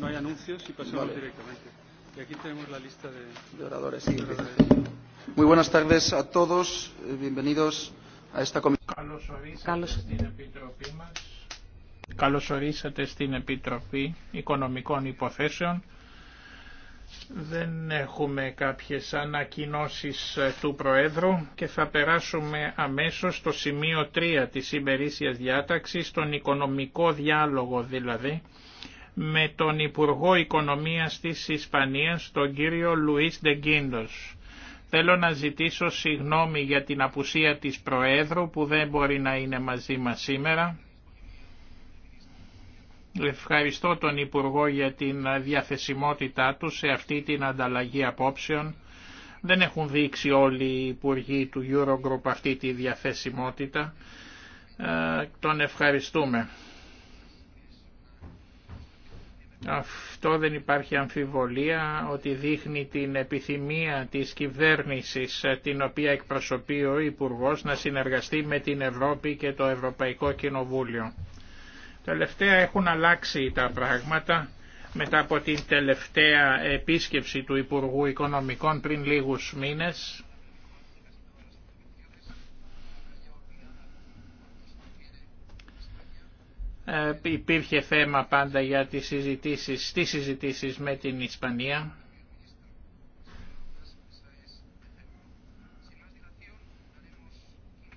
no hay anuncios y pasamos vale. directamente. Y aquí tenemos la lista de, de oradores. Sí. De oradores. Sí. Muy buenas tardes a todos. Eh, bienvenidos a esta comisión. Carlos Carlos. Καλώς... Καλώς ορίσατε στην Επιτροπή Οικονομικών Υποθέσεων. Δεν έχουμε κάποιες ανακοινώσεις ε, του Προέδρου και θα περάσουμε αμέσως στο σημείο 3 της ημερήσιας διάταξης, τον οικονομικό διάλογο δηλαδή, με τον Υπουργό Οικονομίας της Ισπανίας, τον κύριο Λουίς Ντεγκίντος. Θέλω να ζητήσω συγνώμη για την απουσία της Προέδρου που δεν μπορεί να είναι μαζί μας σήμερα. Ευχαριστώ τον Υπουργό για την διαθεσιμότητά του σε αυτή την ανταλλαγή απόψεων. Δεν έχουν δείξει όλοι οι Υπουργοί του Eurogroup αυτή τη διαθεσιμότητα. Ε, τον ευχαριστούμε. Αυτό δεν υπάρχει αμφιβολία ότι δείχνει την επιθυμία της κυβέρνησης ε, την οποία εκπροσωπεί ο Υπουργός να συνεργαστεί με την Ευρώπη και το Ευρωπαϊκό Κοινοβούλιο. Τελευταία έχουν αλλάξει τα πράγματα μετά από την τελευταία επίσκεψη του Υπουργού Οικονομικών πριν λίγους μήνες Ε, υπήρχε θέμα πάντα για τις συζητήσεις, στις συζητήσεις με την Ισπανία.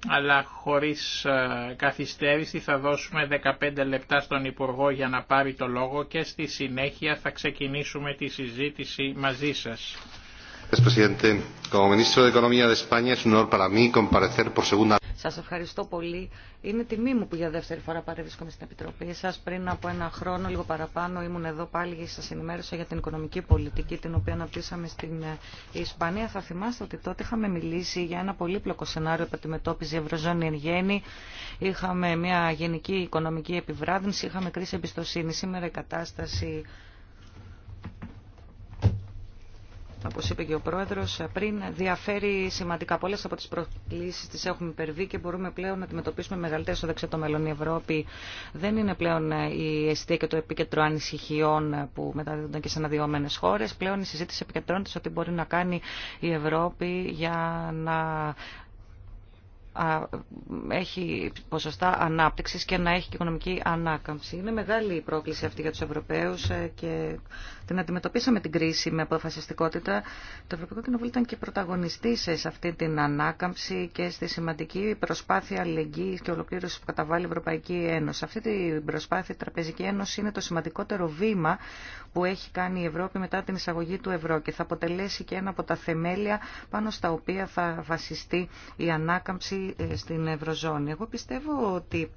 Αλλά χωρίς ε, καθυστέρηση θα δώσουμε 15 λεπτά στον Υπουργό για να πάρει το λόγο και στη συνέχεια θα ξεκινήσουμε τη συζήτηση μαζί σας. Presidente. Σα ευχαριστώ πολύ. Είναι τιμή μου που για δεύτερη φορά παρευρίσκομαι στην Επιτροπή σα. Πριν από ένα χρόνο, λίγο παραπάνω, ήμουν εδώ πάλι και σας ενημέρωσα για την οικονομική πολιτική την οποία αναπτύσσαμε στην ε, Ισπανία. Θα θυμάστε ότι τότε είχαμε μιλήσει για ένα πολύπλοκο σενάριο που αντιμετώπιζε η Ευρωζώνη εν γέννη. Είχαμε μια γενική οικονομική επιβράδυνση, είχαμε κρίση εμπιστοσύνη. Σήμερα η κατάσταση όπως είπε και ο Πρόεδρος, πριν διαφέρει σημαντικά. Πολλές από τις προκλήσεις τις έχουμε υπερβεί και μπορούμε πλέον να αντιμετωπίσουμε μεγαλύτερα στο δεξιό το μέλλον. Η Ευρώπη δεν είναι πλέον η αιστεία και το επίκεντρο ανησυχιών που μεταδίδονται και σε αναδυόμενες χώρες. Πλέον η συζήτηση επικεντρώνεται σε ό,τι μπορεί να κάνει η Ευρώπη για να έχει ποσοστά ανάπτυξης και να έχει και οικονομική ανάκαμψη. Είναι μεγάλη η πρόκληση αυτή για τους Ευρωπαίους ε, και την αντιμετωπίσαμε την κρίση με αποφασιστικότητα. Το Ευρωπαϊκό Κοινοβούλιο ήταν και πρωταγωνιστή σε αυτή την ανάκαμψη και στη σημαντική προσπάθεια αλληλεγγύης και ολοκλήρωση που καταβάλει η Ευρωπαϊκή Ένωση. Αυτή η προσπάθεια η Τραπεζική Ένωση είναι το σημαντικότερο βήμα που έχει κάνει η Ευρώπη μετά την εισαγωγή του ευρώ και θα αποτελέσει και ένα από τα θεμέλια πάνω στα οποία θα βασιστεί η ανάκαμψη ε, στην Ευρωζώνη. Εγώ πιστεύω ότι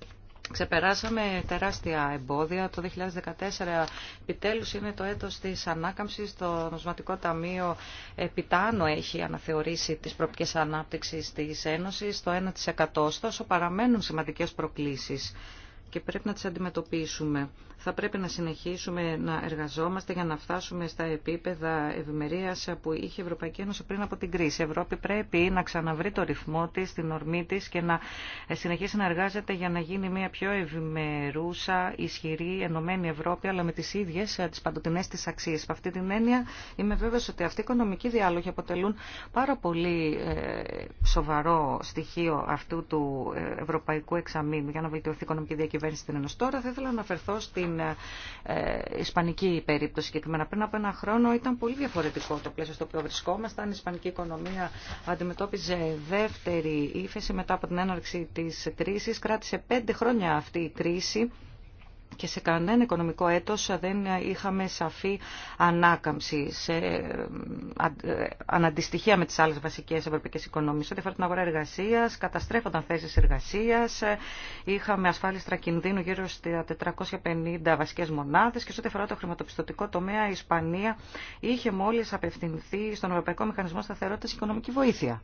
Ξεπεράσαμε τεράστια εμπόδια. Το 2014 επιτέλους είναι το έτος της ανάκαμψης. Το Νοσματικό Ταμείο επιτάνω έχει αναθεωρήσει τις προπικές ανάπτυξης της Ένωσης. Το 1% ωστόσο παραμένουν σημαντικές προκλήσεις και πρέπει να τις αντιμετωπίσουμε. Θα πρέπει να συνεχίσουμε να εργαζόμαστε για να φτάσουμε στα επίπεδα ευημερία που είχε η Ευρωπαϊκή Ένωση πριν από την κρίση. Η Ευρώπη πρέπει να ξαναβρει το ρυθμό τη, την ορμή τη και να συνεχίσει να εργάζεται για να γίνει μια πιο ευημερούσα, ισχυρή, ενωμένη Ευρώπη, αλλά με τι ίδιε ε, τι παντοτινέ τη αξίε. Με αυτή την έννοια είμαι βέβαιο ότι αυτοί οι οικονομικοί διάλογοι αποτελούν πάρα πολύ ε, σοβαρό στοιχείο αυτού του ε, ευρωπαϊκού εξαμήνου για να βελτιωθεί η οικονομική διακυβέρνηση κυβέρνηση την Τώρα θα ήθελα να αναφερθώ στην ε, ισπανική περίπτωση συγκεκριμένα. Πριν από ένα χρόνο ήταν πολύ διαφορετικό το πλαίσιο στο οποίο βρισκόμασταν. Η ισπανική οικονομία αντιμετώπιζε δεύτερη ύφεση μετά από την έναρξη τη κρίση. Κράτησε πέντε χρόνια αυτή η κρίση και σε κανένα οικονομικό έτος δεν είχαμε σαφή ανάκαμψη σε ε, ε, αναντιστοιχεία με τις άλλες βασικές ευρωπαϊκές οικονομίες. Ό,τι αφορά την αγορά εργασίας, καταστρέφονταν θέσεις εργασίας, ε, είχαμε ασφάλιστρα κινδύνου γύρω στα 450 βασικές μονάδες και σε ό,τι αφορά το χρηματοπιστωτικό τομέα η Ισπανία είχε μόλις απευθυνθεί στον Ευρωπαϊκό Μηχανισμό Σταθερότητας Οικονομική Βοήθεια.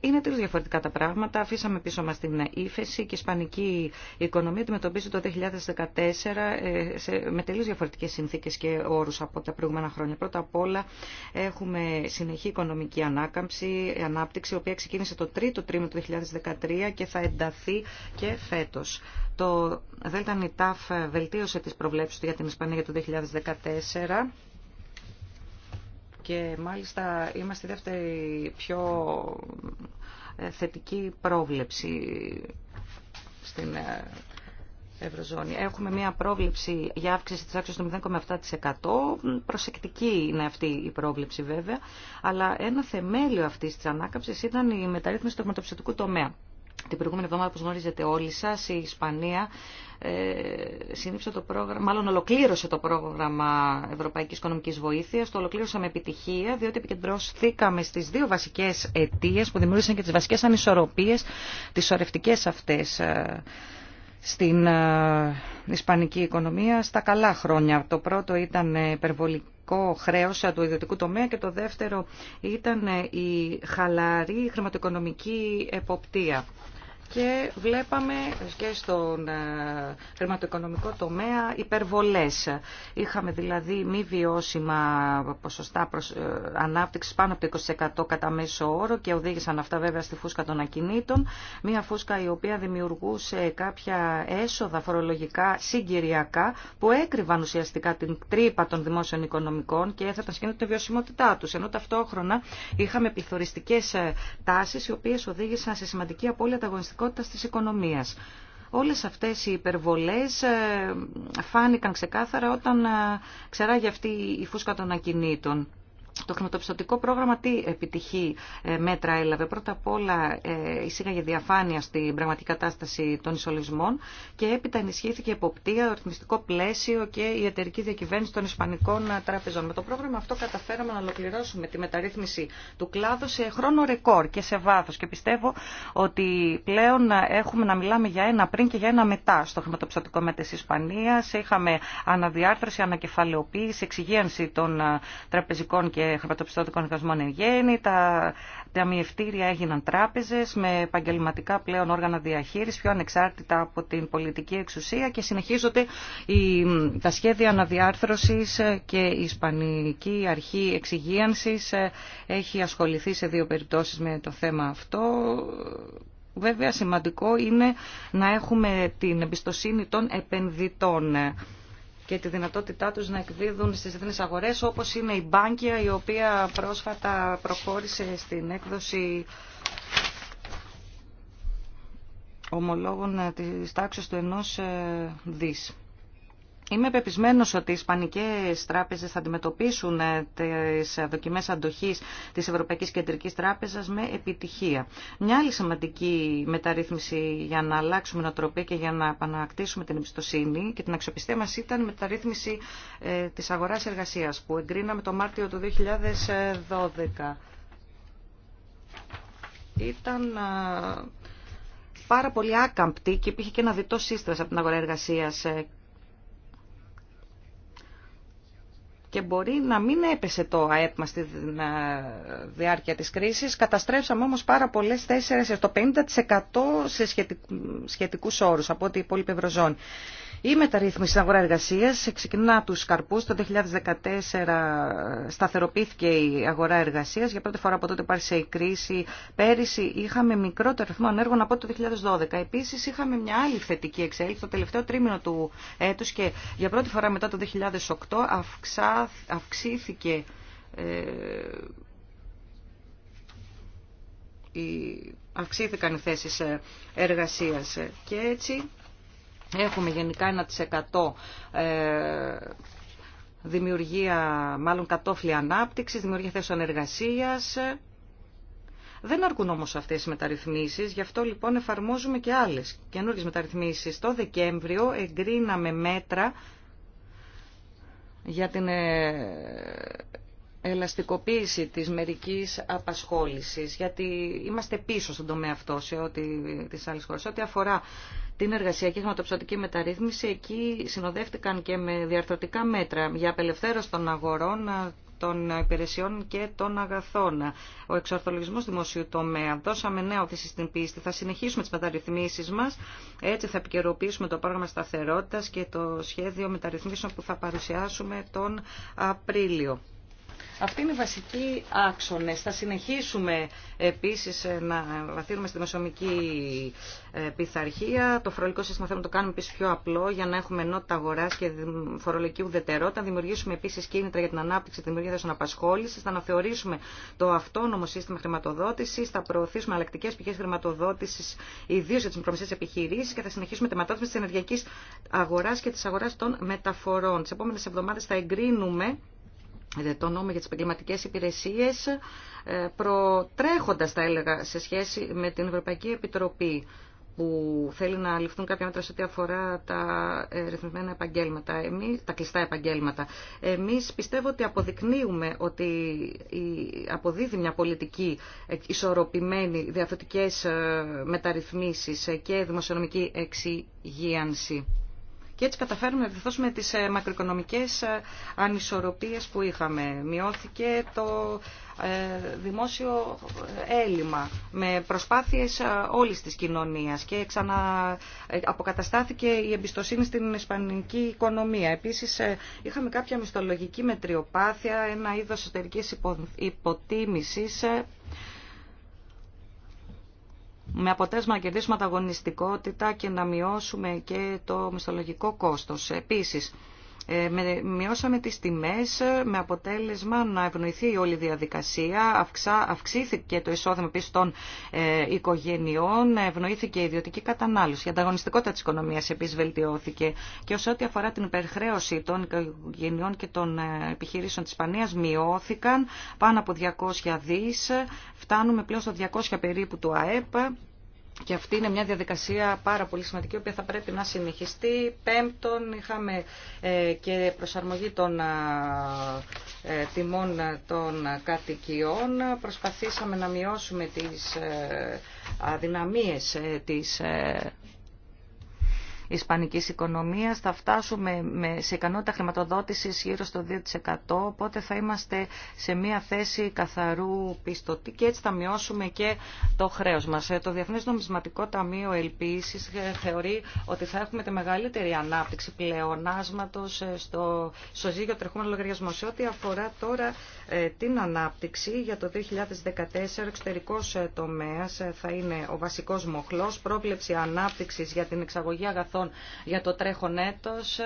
Είναι τελείως διαφορετικά τα πράγματα. Αφήσαμε πίσω μας την ύφεση και η ισπανική οικονομία αντιμετωπίζει το 2014 ε, με τελείως διαφορετικές συνθήκες και όρους από τα προηγούμενα χρόνια. Πρώτα απ' όλα έχουμε συνεχή οικονομική ανάκαμψη, ανάπτυξη, η οποία ξεκίνησε το τρίτο τρίμηνο του 2013 και θα ενταθεί και φέτος. Το ΔΝΤ βελτίωσε τις προβλέψεις του για την Ισπανία για το 2014 και μάλιστα είμαστε η δεύτερη πιο ε, θετική πρόβλεψη στην ε, Ευρωζώνη. Έχουμε μια πρόβλεψη για αύξηση της άξιας του 0,7%. Προσεκτική είναι αυτή η πρόβλεψη βέβαια, αλλά ένα θεμέλιο αυτής της ανάκαμψης ήταν η μεταρρύθμιση του χρηματοπιστωτικού τομέα. Την προηγούμενη εβδομάδα, όπως γνωρίζετε όλοι σας, η Ισπανία ε, το πρόγραμμα, μάλλον ολοκλήρωσε το πρόγραμμα Ευρωπαϊκής Οικονομικής Βοήθειας. Το ολοκλήρωσαμε επιτυχία, διότι επικεντρώθηκαμε στις δύο βασικές αιτίες που δημιούργησαν και τις βασικές ανισορροπίες, τις σωρευτικές αυτές ε, στην ε, ισπανική οικονομία στα καλά χρόνια. Το πρώτο ήταν υπερβολική ιδιωτικό χρέος του ιδιωτικού τομέα και το δεύτερο ήταν η χαλαρή χρηματοοικονομική εποπτεία και βλέπαμε και στον ε, χρηματοοικονομικό τομέα υπερβολές. Είχαμε δηλαδή μη βιώσιμα ποσοστά προς, ε, ανάπτυξης πάνω από το 20% κατά μέσο όρο και οδήγησαν αυτά βέβαια στη φούσκα των ακινήτων. Μία φούσκα η οποία δημιουργούσε κάποια έσοδα φορολογικά συγκυριακά που έκρυβαν ουσιαστικά την τρύπα των δημόσιων οικονομικών και έθεταν σκηνή την βιωσιμότητά τους. Ενώ ταυτόχρονα είχαμε πληθωριστικές ε, τάσεις οι οποίες οδήγησαν σε σημαντική απώλεια ανταγωνιστικότητας της οικονομίας. Όλες αυτές οι υπερβολές ε, φάνηκαν ξεκάθαρα όταν ε, ξεράγει αυτή η φούσκα των ακινήτων. Το χρηματοπιστωτικό πρόγραμμα τι επιτυχή ε, μέτρα έλαβε. Πρώτα απ' όλα ε, εισήγαγε διαφάνεια στην πραγματική κατάσταση των ισολογισμών και έπειτα ενισχύθηκε η εποπτεία, το ρυθμιστικό πλαίσιο και η εταιρική διακυβέρνηση των Ισπανικών ε, τραπεζών. Με το πρόγραμμα αυτό καταφέραμε να ολοκληρώσουμε τη μεταρρύθμιση του κλάδου σε χρόνο ρεκόρ και σε βάθο. Και πιστεύω ότι πλέον έχουμε να μιλάμε για ένα πριν και για ένα μετά στο χρηματοπιστωτικό μέτρη τη Ισπανία. Είχαμε αναδιάρθρωση, ανακεφαλαιοποίηση, εξυγίανση των τραπεζικών και και χρηματοπιστωτικών εργασμών εν γέννη, τα ταμιευτήρια έγιναν τράπεζε με επαγγελματικά πλέον όργανα διαχείριση πιο ανεξάρτητα από την πολιτική εξουσία και συνεχίζονται οι, τα σχέδια αναδιάρθρωση και η Ισπανική Αρχή Εξυγίανση ε, έχει ασχοληθεί σε δύο περιπτώσει με το θέμα αυτό. Βέβαια σημαντικό είναι να έχουμε την εμπιστοσύνη των επενδυτών και τη δυνατότητά τους να εκδίδουν στις διεθνείς αγορές, όπως είναι η Μπάνκια, η οποία πρόσφατα προχώρησε στην έκδοση ομολόγων της τάξης του ενός ε, δις. Είμαι πεπισμένος ότι οι Ισπανικές τράπεζες θα αντιμετωπίσουν ε, τις δοκιμές αντοχής της Ευρωπαϊκής Κεντρικής Τράπεζας με επιτυχία. Μια άλλη σημαντική μεταρρύθμιση για να αλλάξουμε νοοτροπία και για να επανακτήσουμε την εμπιστοσύνη και την αξιοπιστία μας ήταν η μεταρρύθμιση ε, της αγοράς εργασίας που εγκρίναμε το Μάρτιο του 2012. Ήταν ε, πάρα πολύ άκαμπτη και υπήρχε και ένα διτό σύστρας από την αγορά εργασίας και μπορεί να μην έπεσε το ΑΕΠ στη διάρκεια της κρίσης. Καταστρέψαμε όμως πάρα πολλές θέσεις, το 50% σε σχετικούς όρους από ό,τι η υπόλοιπη η μεταρρύθμιση στην αγορά εργασία ξεκινά του καρπού. Το 2014 σταθεροποιήθηκε η αγορά εργασία. Για πρώτη φορά από τότε υπάρξε η κρίση. Πέρυσι είχαμε μικρότερο αριθμό ανέργων από το 2012. Επίση είχαμε μια άλλη θετική εξέλιξη το τελευταίο τρίμηνο του έτου και για πρώτη φορά μετά το 2008 αυξά, αυξήθηκε. Ε, αυξήθηκαν οι θέσεις ε, εργασίας και έτσι Έχουμε γενικά 1% ε, δημιουργία, μάλλον κατόφλη ανάπτυξης, δημιουργία θέσεων εργασίας. Δεν αρκούν όμως αυτές οι μεταρρυθμίσεις, γι' αυτό λοιπόν εφαρμόζουμε και άλλες καινούργιες μεταρρυθμίσεις. Το Δεκέμβριο εγκρίναμε μέτρα για την ε, ελαστικοποίηση της μερικής απασχόλησης, γιατί είμαστε πίσω στον τομέα αυτό σε ό,τι Ό,τι αφορά την εργασιακή χρηματοπιστωτική μεταρρύθμιση. Εκεί συνοδεύτηκαν και με διαρθρωτικά μέτρα για απελευθέρωση των αγορών, των υπηρεσιών και των αγαθών. Ο εξορθολογισμός δημοσίου τομέα. Δώσαμε νέα όθηση στην πίστη. Θα συνεχίσουμε τις μεταρρυθμίσεις μας. Έτσι θα επικαιροποιήσουμε το πρόγραμμα σταθερότητας και το σχέδιο μεταρρυθμίσεων που θα παρουσιάσουμε τον Απρίλιο. Αυτή είναι οι βασική άξονες. Θα συνεχίσουμε επίσης ε, να βαθύνουμε στη μεσομική ε, πειθαρχία. Το φορολογικό σύστημα θέλουμε να το κάνουμε επίσης πιο απλό για να έχουμε ενότητα αγοράς και φορολογική ουδετερότητα. Να δημιουργήσουμε επίσης κίνητρα για την ανάπτυξη, τη δημιουργία θέσεων απασχόληση, Θα αναθεωρήσουμε το αυτόνομο σύστημα χρηματοδότηση, Θα προωθήσουμε αλλακτικέ πηγέ χρηματοδότηση, ιδίω για τι μικρομεσαίε επιχειρήσει και θα συνεχίσουμε τη μετάδοση τη ενεργειακή αγορά και τη αγορά των μεταφορών. Τις επόμενε εβδομάδε θα εγκρίνουμε το νόμο για τις επαγγελματικέ υπηρεσίες, ε, προτρέχοντας, τα έλεγα, σε σχέση με την Ευρωπαϊκή Επιτροπή που θέλει να ληφθούν κάποια μέτρα σε ό,τι αφορά τα ε, ρυθμισμένα επαγγέλματα, εμείς, τα κλειστά επαγγέλματα. Εμείς πιστεύω ότι αποδεικνύουμε ότι αποδίδει μια πολιτική ισορροπημένη διαθετικές ε, μεταρρυθμίσεις και δημοσιονομική εξυγίανση και έτσι καταφέρουμε να με τις ε, μακροοικονομικές ε, ανισορροπίες που είχαμε. Μειώθηκε το ε, δημόσιο έλλειμμα με προσπάθειες όλης της κοινωνίας και ξανά αποκαταστάθηκε η εμπιστοσύνη στην ισπανική οικονομία. Επίσης είχαμε κάποια μισθολογική μετριοπάθεια, ένα είδος εσωτερικής υποτίμησης με αποτέλεσμα να κερδίσουμε ανταγωνιστικότητα και να μειώσουμε και το μισθολογικό κόστος. Επίσης, ε, με, μειώσαμε τις τιμές ε, με αποτέλεσμα να ευνοηθεί η όλη διαδικασία, αυξά, αυξήθηκε το εισόδημα πίσω των ε, οικογενειών, ευνοήθηκε η ιδιωτική κατανάλωση. Η ανταγωνιστικότητα της οικονομίας επίση βελτιώθηκε και ως ό,τι αφορά την υπερχρέωση των οικογενειών και των ε, επιχειρήσεων της Ισπανίας μειώθηκαν πάνω από 200 δις, φτάνουμε πλέον στο 200 περίπου του ΑΕΠ και αυτή είναι μια διαδικασία πάρα πολύ σημαντική, η οποία θα πρέπει να συνεχιστεί. Πέμπτον, είχαμε ε, και προσαρμογή των ε, τιμών των κατοικιών. Προσπαθήσαμε να μειώσουμε τις ε, αδυναμίες της Ισπανική οικονομία, Θα φτάσουμε σε ικανότητα χρηματοδότηση γύρω στο 2%, οπότε θα είμαστε σε μια θέση καθαρού πιστωτή και έτσι θα μειώσουμε και το χρέος μας. Ε, το διεθνέ Νομισματικό Ταμείο ελπίση ε, θεωρεί ότι θα έχουμε τη μεγαλύτερη ανάπτυξη πλεονάσματος ε, στο ζύγιο τρεχόμενο λογαριασμό. Σε ό,τι αφορά τώρα την ανάπτυξη για το 2014, εξωτερικός τομέας θα είναι ο βασικό μοχλός, πρόβλεψη ανάπτυξη για την εξαγωγή αγαθών για το τρέχον έτος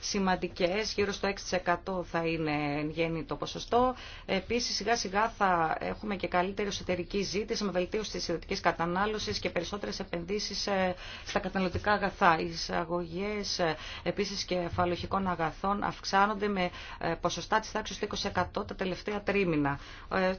σημαντικές, γύρω στο 6% θα είναι γέννη το ποσοστό. Επίσης σιγά σιγά θα έχουμε και καλύτερη εσωτερική ζήτηση με βελτίωση της ιδιωτικής κατανάλωσης και περισσότερες επενδύσεις ε, στα καταναλωτικά αγαθά. Οι εισαγωγές ε, επίσης και φαλοχικών αγαθών αυξάνονται με ε, ποσοστά της τάξης του 20% τα τελευταία τρίμηνα.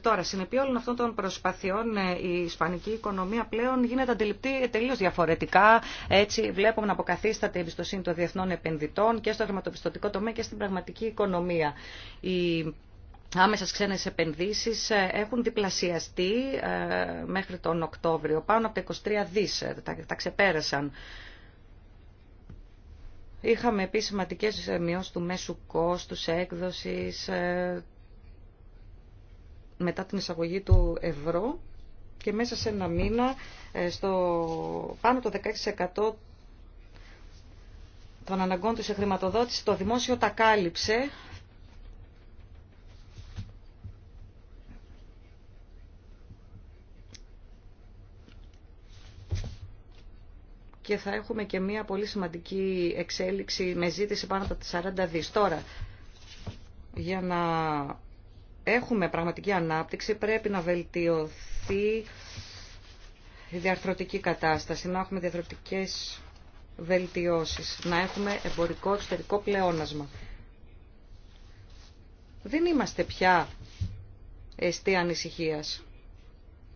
Τώρα, συνεπεί όλων αυτών των προσπαθειών η ισπανική οικονομία πλέον γίνεται αντιληπτή τελείω διαφορετικά. Έτσι βλέπουμε από καθίσταται η εμπιστοσύνη των διεθνών επενδυτών και στο χρηματοπιστωτικό τομέα και στην πραγματική οικονομία. Η Άμεσε ξένε επενδύσει ε, έχουν διπλασιαστεί ε, μέχρι τον Οκτώβριο. Πάνω από τα 23 δι ε, τα ξεπέρασαν. Είχαμε επίσημα σημαντικέ μειώσει του μέσου κόστους, έκδοσης, μετά την εισαγωγή του ευρώ και μέσα σε ένα μήνα στο πάνω το 16% των αναγκών του σε χρηματοδότηση, το δημόσιο τα κάλυψε. Και θα έχουμε και μία πολύ σημαντική εξέλιξη με ζήτηση πάνω από τα 40 δις. Τώρα, για να έχουμε πραγματική ανάπτυξη πρέπει να βελτιωθεί η διαρθρωτική κατάσταση, να έχουμε διαρθρωτικές βελτιώσεις, να έχουμε εμπορικό εξωτερικό πλεόνασμα. Δεν είμαστε πια εστία ανησυχίας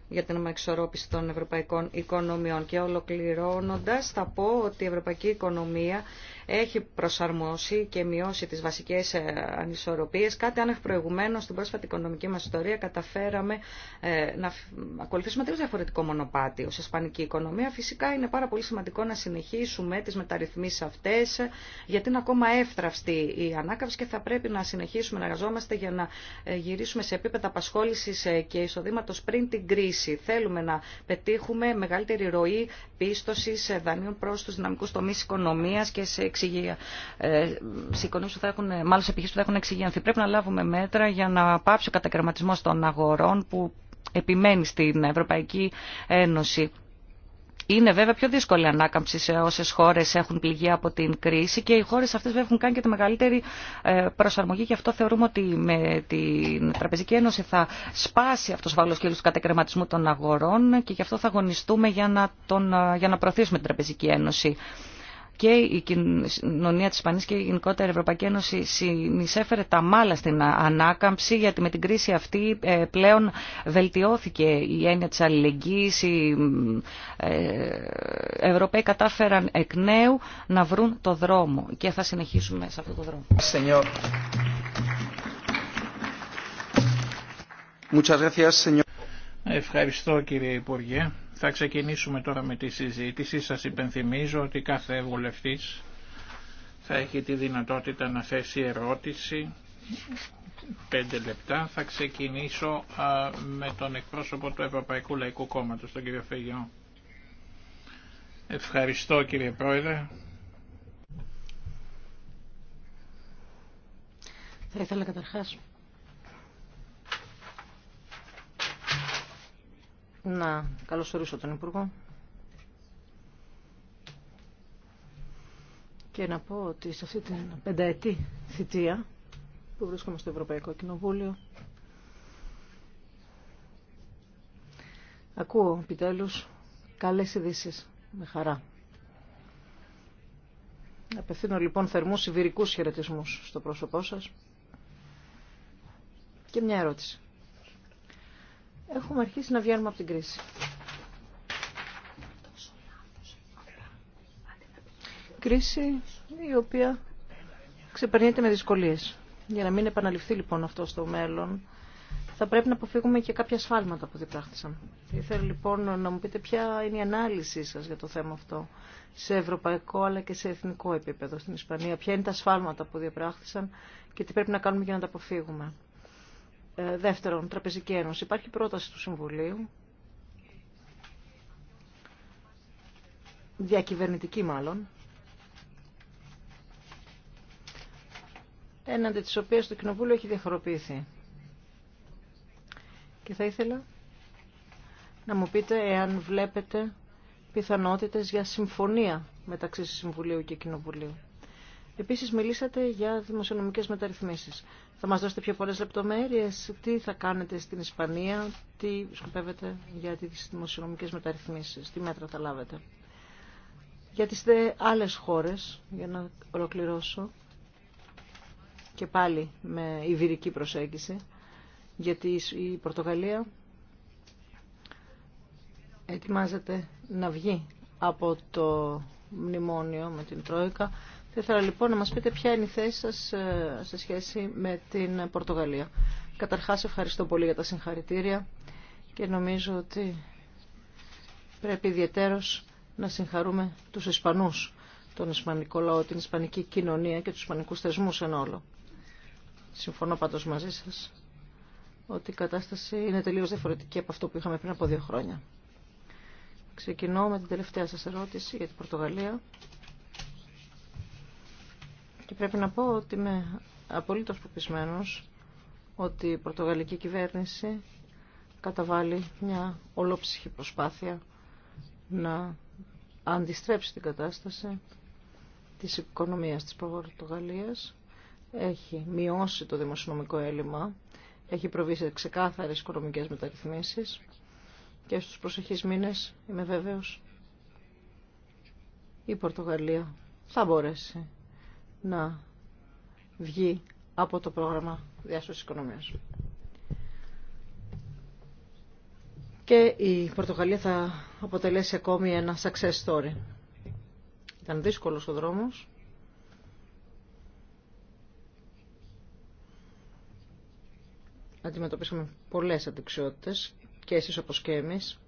για την αμαξορρόπηση των ευρωπαϊκών οικονομιών. Και ολοκληρώνοντας θα πω ότι η ευρωπαϊκή οικονομία έχει προσαρμόσει και μειώσει τις βασικές ε, ανισορροπίες. Κάτι αν προηγουμένω στην πρόσφατη οικονομική μας ιστορία καταφέραμε ε, να ακολουθήσουμε τελείως διαφορετικό μονοπάτι. Ως ισπανική οικονομία φυσικά είναι πάρα πολύ σημαντικό να συνεχίσουμε τις μεταρρυθμίσεις αυτές γιατί είναι ακόμα εύθραυστη η ανάκαυση και θα πρέπει να συνεχίσουμε να εργαζόμαστε για να ε, γυρίσουμε σε επίπεδα απασχόλησης και εισοδήματος πριν την κρίση. Θέλουμε να πετύχουμε μεγαλύτερη ροή πίστοση δανείων προ του δυναμικού τομεί οικονομίας και σε εξηγία, ε, σε που θα έχουν, μάλλον θα Πρέπει να λάβουμε μέτρα για να πάψει ο κατακρεματισμό των αγορών που επιμένει στην Ευρωπαϊκή Ένωση. Είναι βέβαια πιο δύσκολη ανάκαμψη σε όσε χώρε έχουν πληγεί από την κρίση και οι χώρε αυτέ βέβαια έχουν κάνει και τη μεγαλύτερη ε, προσαρμογή. Γι' αυτό θεωρούμε ότι με την Τραπεζική Ένωση θα σπάσει αυτό ο βάλο κύκλο του κατακρεματισμού των αγορών και γι' αυτό θα αγωνιστούμε για να, τον, ε, για να προωθήσουμε την Τραπεζική Ένωση και η κοινωνία της Ισπανίας και η γενικότερα Ευρωπαϊκή Ένωση συνεισέφερε τα μάλα στην ανάκαμψη γιατί με την κρίση αυτή ε, πλέον βελτιώθηκε η έννοια της αλληλεγγύης. Οι ε, Ευρωπαίοι κατάφεραν εκ νέου να βρουν το δρόμο και θα συνεχίσουμε σε αυτό το δρόμο. Ευχαριστώ κύριε Υπουργέ. Θα ξεκινήσουμε τώρα με τη συζήτηση. Σας υπενθυμίζω ότι κάθε βουλευτής θα έχει τη δυνατότητα να θέσει ερώτηση. Πέντε λεπτά. Θα ξεκινήσω με τον εκπρόσωπο του Ευρωπαϊκού Λαϊκού Κόμματος, τον κύριο Φεγιό. Ευχαριστώ κύριε Πρόεδρε. Θα ήθελα καταρχάς Να καλωσορίσω τον Υπουργό. Και να πω ότι σε αυτή την πενταετή θητεία που βρίσκομαι στο Ευρωπαϊκό Κοινοβούλιο ακούω επιτέλου καλές ειδήσει με χαρά. Απευθύνω λοιπόν θερμούς σιβηρικούς χαιρετισμούς στο πρόσωπό σας και μια ερώτηση έχουμε αρχίσει να βγαίνουμε από την κρίση. Κρίση η οποία ξεπερνιέται με δυσκολίες. Για να μην επαναληφθεί λοιπόν αυτό στο μέλλον, θα πρέπει να αποφύγουμε και κάποια σφάλματα που διπράχτησαν. Ήθελα λοιπόν να μου πείτε ποια είναι η ανάλυση σας για το θέμα αυτό σε ευρωπαϊκό αλλά και σε εθνικό επίπεδο στην Ισπανία. Ποια είναι τα σφάλματα που διαπράχθησαν και τι πρέπει να κάνουμε για να τα αποφύγουμε. Ε, δεύτερον, τραπεζική ένωση. Υπάρχει πρόταση του Συμβουλίου, διακυβερνητική μάλλον, έναντι της οποίας το Κοινοβούλιο έχει διαφοροποιηθεί. Και θα ήθελα να μου πείτε εάν βλέπετε πιθανότητες για συμφωνία μεταξύ Συμβουλίου και Κοινοβουλίου. Επίσης μιλήσατε για δημοσιονομικές μεταρρυθμίσεις. Θα μας δώσετε πιο πολλές λεπτομέρειες, τι θα κάνετε στην Ισπανία, τι σκοπεύετε για τις δημοσιονομικές μεταρρυθμίσεις, τι μέτρα θα λάβετε. Για τις δε άλλες χώρες, για να ολοκληρώσω, και πάλι με ιβυρική προσέγγιση, γιατί η Πορτογαλία ετοιμάζεται να βγει από το μνημόνιο με την Τρόικα θα ήθελα λοιπόν να μας πείτε ποια είναι η θέση σας ε, σε σχέση με την Πορτογαλία. Καταρχάς ευχαριστώ πολύ για τα συγχαρητήρια και νομίζω ότι πρέπει ιδιαίτερος να συγχαρούμε τους Ισπανούς, τον Ισπανικό λαό, την Ισπανική κοινωνία και τους Ισπανικούς θεσμούς εν όλο. Συμφωνώ πάντως μαζί σας ότι η κατάσταση είναι τελείως διαφορετική από αυτό που είχαμε πριν από δύο χρόνια. Ξεκινώ με την τελευταία σας ερώτηση για την Πορτογαλία. Και πρέπει να πω ότι είμαι απολύτως πεπισμένος ότι η πορτογαλική κυβέρνηση καταβάλει μια ολόψυχη προσπάθεια να αντιστρέψει την κατάσταση της οικονομίας της Πορτογαλίας. Έχει μειώσει το δημοσιονομικό έλλειμμα, έχει προβεί σε ξεκάθαρες οικονομικές μεταρρυθμίσεις και στους προσεχείς μήνες είμαι βέβαιος η Πορτογαλία θα μπορέσει να βγει από το πρόγραμμα διάσωσης οικονομίας. Και η Πορτογαλία θα αποτελέσει ακόμη ένα success story. Ήταν δύσκολο ο δρόμος. Αντιμετωπίσαμε πολλές αντικσιότητες και εσείς όπω και εμείς.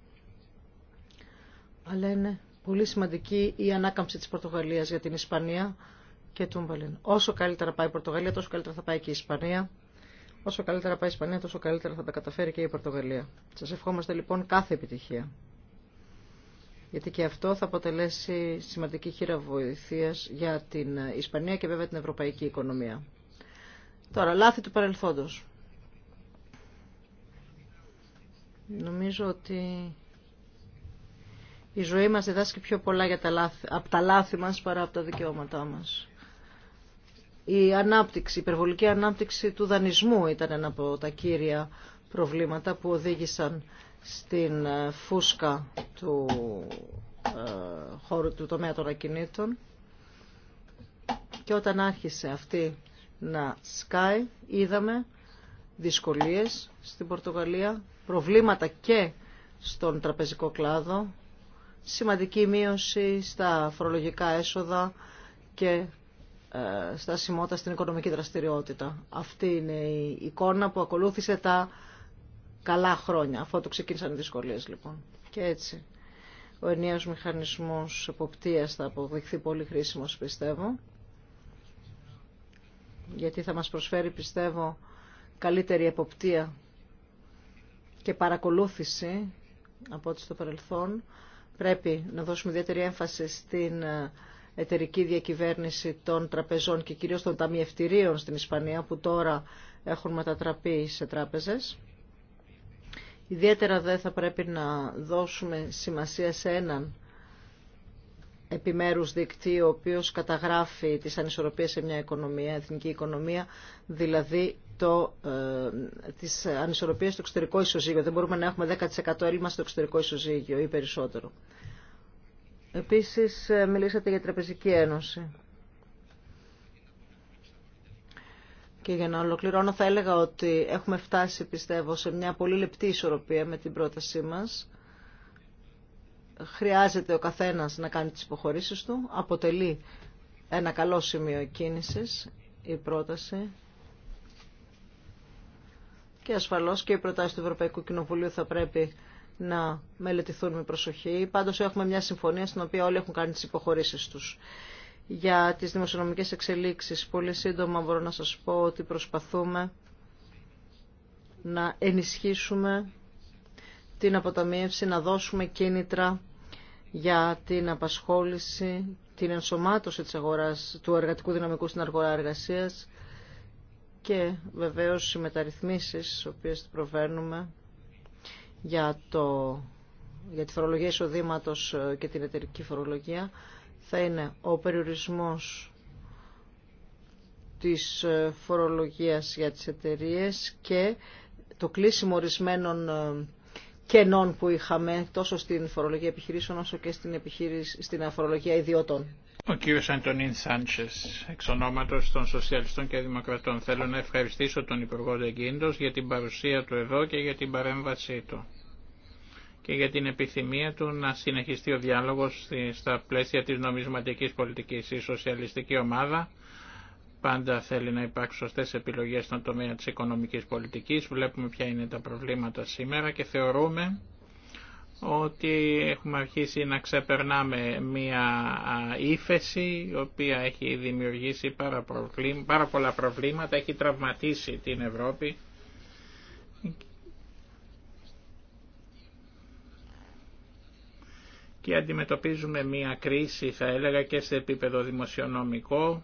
Αλλά είναι πολύ σημαντική η ανάκαμψη της Πορτογαλίας για την Ισπανία και Τούμπαλιν. Όσο καλύτερα πάει η Πορτογαλία, τόσο καλύτερα θα πάει και η Ισπανία. Όσο καλύτερα πάει η Ισπανία, τόσο καλύτερα θα τα καταφέρει και η Πορτογαλία. Σα ευχόμαστε λοιπόν κάθε επιτυχία. Γιατί και αυτό θα αποτελέσει σημαντική χείρα βοηθεία για την Ισπανία και βέβαια την ευρωπαϊκή οικονομία. Τώρα, λάθη του παρελθόντο. Νομίζω ότι η ζωή μας διδάσκει πιο πολλά για τα λάθη, από τα λάθη μας παρά από τα δικαιώματά μας. Η ανάπτυξη, η υπερβολική ανάπτυξη του δανεισμού ήταν ένα από τα κύρια προβλήματα που οδήγησαν στην ε, φούσκα του ε, χώρου του τομέα των ακινήτων και όταν άρχισε αυτή να σκάει είδαμε δυσκολίες στην Πορτογαλία, προβλήματα και στον τραπεζικό κλάδο, σημαντική μείωση στα φορολογικά έσοδα και ε, στασιμότητα στην οικονομική δραστηριότητα. Αυτή είναι η εικόνα που ακολούθησε τα καλά χρόνια, αφού ξεκίνησαν οι δυσκολίες λοιπόν. Και έτσι ο ενιαίος μηχανισμός εποπτείας θα αποδειχθεί πολύ χρήσιμος πιστεύω γιατί θα μας προσφέρει πιστεύω καλύτερη εποπτεία και παρακολούθηση από ό,τι στο παρελθόν. Πρέπει να δώσουμε ιδιαίτερη έμφαση στην ε, εταιρική διακυβέρνηση των τραπεζών και κυρίως των ταμιευτηρίων στην Ισπανία που τώρα έχουν μετατραπεί σε τράπεζες. Ιδιαίτερα δεν θα πρέπει να δώσουμε σημασία σε έναν επιμέρους δικτύο ο οποίος καταγράφει τις ανισορροπίες σε μια οικονομία, εθνική οικονομία, δηλαδή το, ε, τις ανισορροπίες στο εξωτερικό ισοζύγιο. Δεν μπορούμε να έχουμε 10% έλλειμμα στο εξωτερικό ισοζύγιο ή περισσότερο. Επίσης ε, μιλήσατε για τραπεζική ένωση. Και για να ολοκληρώνω θα έλεγα ότι έχουμε φτάσει πιστεύω σε μια πολύ λεπτή ισορροπία με την πρότασή μας. Χρειάζεται ο καθένας να κάνει τις υποχωρήσεις του. Αποτελεί ένα καλό σημείο κίνησης η πρόταση. Και ασφαλώς και η πρόταση του Ευρωπαϊκού Κοινοβουλίου θα πρέπει να μελετηθούν με προσοχή. Πάντως έχουμε μια συμφωνία στην οποία όλοι έχουν κάνει τις υποχωρήσεις τους. Για τις δημοσιονομικές εξελίξεις, πολύ σύντομα μπορώ να σας πω ότι προσπαθούμε να ενισχύσουμε την αποταμίευση, να δώσουμε κίνητρα για την απασχόληση, την ενσωμάτωση της αγοράς, του εργατικού δυναμικού στην αγορά εργασίας και βεβαίως οι μεταρρυθμίσεις, τις οποίες προβαίνουμε, για, το, για τη φορολογία εισοδήματο ε, και την εταιρική φορολογία θα είναι ο περιορισμός της ε, φορολογίας για τις εταιρείες και το κλείσιμο ορισμένων ε, κενών που είχαμε τόσο στην φορολογία επιχειρήσεων όσο και στην, επιχείρηση, στην φορολογία ιδιώτων. Ο κύριος Αντωνίν Σάντσε, εξ ονόματο των Σοσιαλιστών και Δημοκρατών. Θέλω να ευχαριστήσω τον Υπουργό Δεγκίντο για την παρουσία του εδώ και για την παρέμβασή του και για την επιθυμία του να συνεχιστεί ο διάλογος στα πλαίσια της νομισματικής πολιτικής. Η σοσιαλιστική ομάδα πάντα θέλει να υπάρξουν σωστές επιλογές στον τομέα της οικονομικής πολιτικής. Βλέπουμε ποια είναι τα προβλήματα σήμερα και θεωρούμε ότι έχουμε αρχίσει να ξεπερνάμε μία ύφεση η οποία έχει δημιουργήσει πάρα πολλά προβλήματα, έχει τραυματίσει την Ευρώπη και αντιμετωπίζουμε μια κρίση θα έλεγα και σε επίπεδο δημοσιονομικό.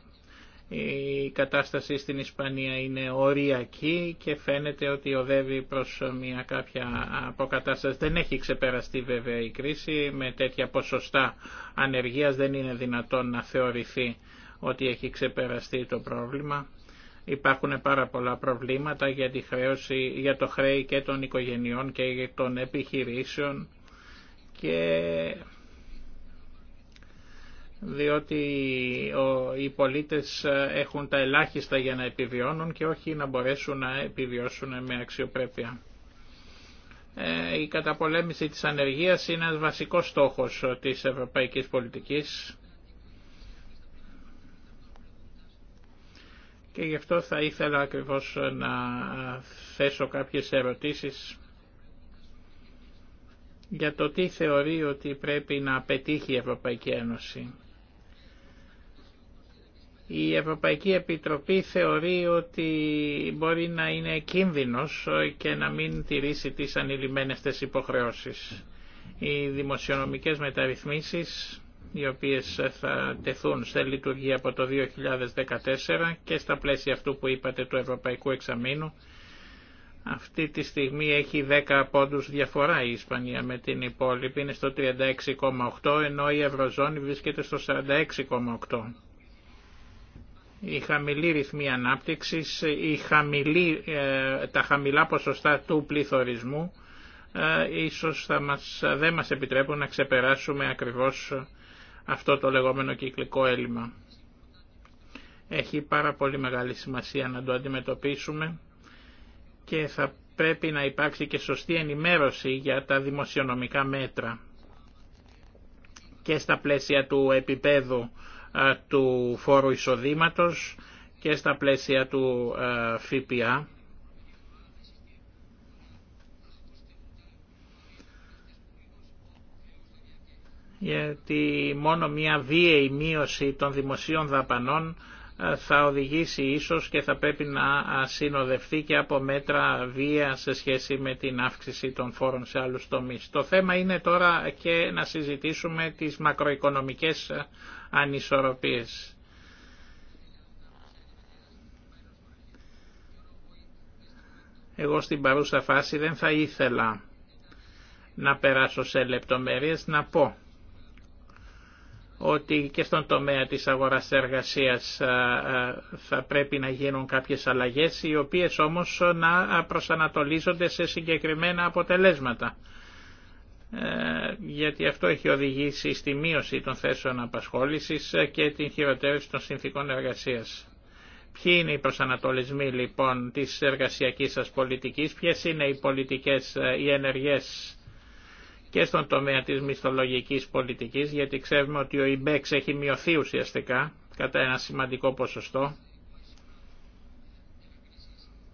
Η κατάσταση στην Ισπανία είναι οριακή και φαίνεται ότι οδεύει προς μια κάποια αποκατάσταση. Δεν έχει ξεπεραστεί βέβαια η κρίση, με τέτοια ποσοστά ανεργίας δεν είναι δυνατόν να θεωρηθεί ότι έχει ξεπεραστεί το πρόβλημα. Υπάρχουν πάρα πολλά προβλήματα για, τη χρέωση, για το χρέη και των οικογενειών και των επιχειρήσεων και διότι οι πολίτες έχουν τα ελάχιστα για να επιβιώνουν και όχι να μπορέσουν να επιβιώσουν με αξιοπρέπεια. Ε, η καταπολέμηση της ανεργίας είναι ένας βασικός στόχος της ευρωπαϊκής πολιτικής και γι' αυτό θα ήθελα ακριβώς να θέσω κάποιες ερωτήσεις για το τι θεωρεί ότι πρέπει να πετύχει η Ευρωπαϊκή Ένωση. Η Ευρωπαϊκή Επιτροπή θεωρεί ότι μπορεί να είναι κίνδυνος και να μην τηρήσει τις ανηλυμένες τις υποχρεώσεις. Οι δημοσιονομικές μεταρρυθμίσεις, οι οποίες θα τεθούν σε λειτουργία από το 2014 και στα πλαίσια αυτού που είπατε του Ευρωπαϊκού Εξαμήνου, αυτή τη στιγμή έχει 10 πόντους διαφορά η Ισπανία με την υπόλοιπη, είναι στο 36,8 ενώ η Ευρωζώνη βρίσκεται στο 46,8. Η χαμηλή ρυθμή ανάπτυξης, η χαμηλή, ε, τα χαμηλά ποσοστά του πληθωρισμού ε, ίσως θα μας, δεν μας επιτρέπουν να ξεπεράσουμε ακριβώς αυτό το λεγόμενο κυκλικό έλλειμμα. Έχει πάρα πολύ μεγάλη σημασία να το αντιμετωπίσουμε και θα πρέπει να υπάρξει και σωστή ενημέρωση για τα δημοσιονομικά μέτρα και στα πλαίσια του επίπεδου του φόρου εισοδήματος και στα πλαίσια του ΦΠΑ. γιατί μόνο μια βίαιη μείωση των δημοσίων δαπανών θα οδηγήσει ίσως και θα πρέπει να συνοδευτεί και από μέτρα βία σε σχέση με την αύξηση των φόρων σε άλλους τομείς. Το θέμα είναι τώρα και να συζητήσουμε τις μακροοικονομικές ανισορροπίες. Εγώ στην παρούσα φάση δεν θα ήθελα να περάσω σε λεπτομέρειες να πω ότι και στον τομέα της αγοράς εργασίας ε, ε, θα πρέπει να γίνουν κάποιες αλλαγές, οι οποίες όμως να προσανατολίζονται σε συγκεκριμένα αποτελέσματα. Ε, γιατί αυτό έχει οδηγήσει στη μείωση των θέσεων απασχόλησης και την χειροτέρευση των συνθήκων εργασίας. Ποιοι είναι οι προσανατολισμοί λοιπόν της εργασιακής σας πολιτικής, ποιες είναι οι πολιτικές, οι ενεργές και στον τομέα της μισθολογικής πολιτικής, γιατί ξέρουμε ότι ο ΙΜΠΕΞ έχει μειωθεί ουσιαστικά κατά ένα σημαντικό ποσοστό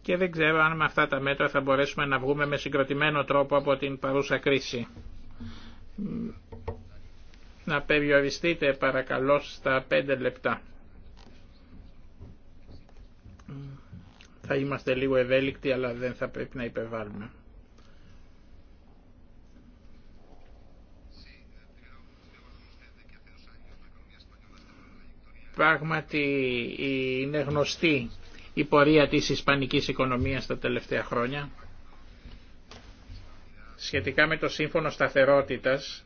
και δεν ξέρω αν με αυτά τα μέτρα θα μπορέσουμε να βγούμε με συγκροτημένο τρόπο από την παρούσα κρίση. Να περιοριστείτε παρακαλώ στα 5 λεπτά. Θα είμαστε λίγο ευέλικτοι αλλά δεν θα πρέπει να υπερβάλλουμε. Πράγματι είναι γνωστή η πορεία της ισπανικής οικονομίας τα τελευταία χρόνια. Σχετικά με το σύμφωνο σταθερότητας,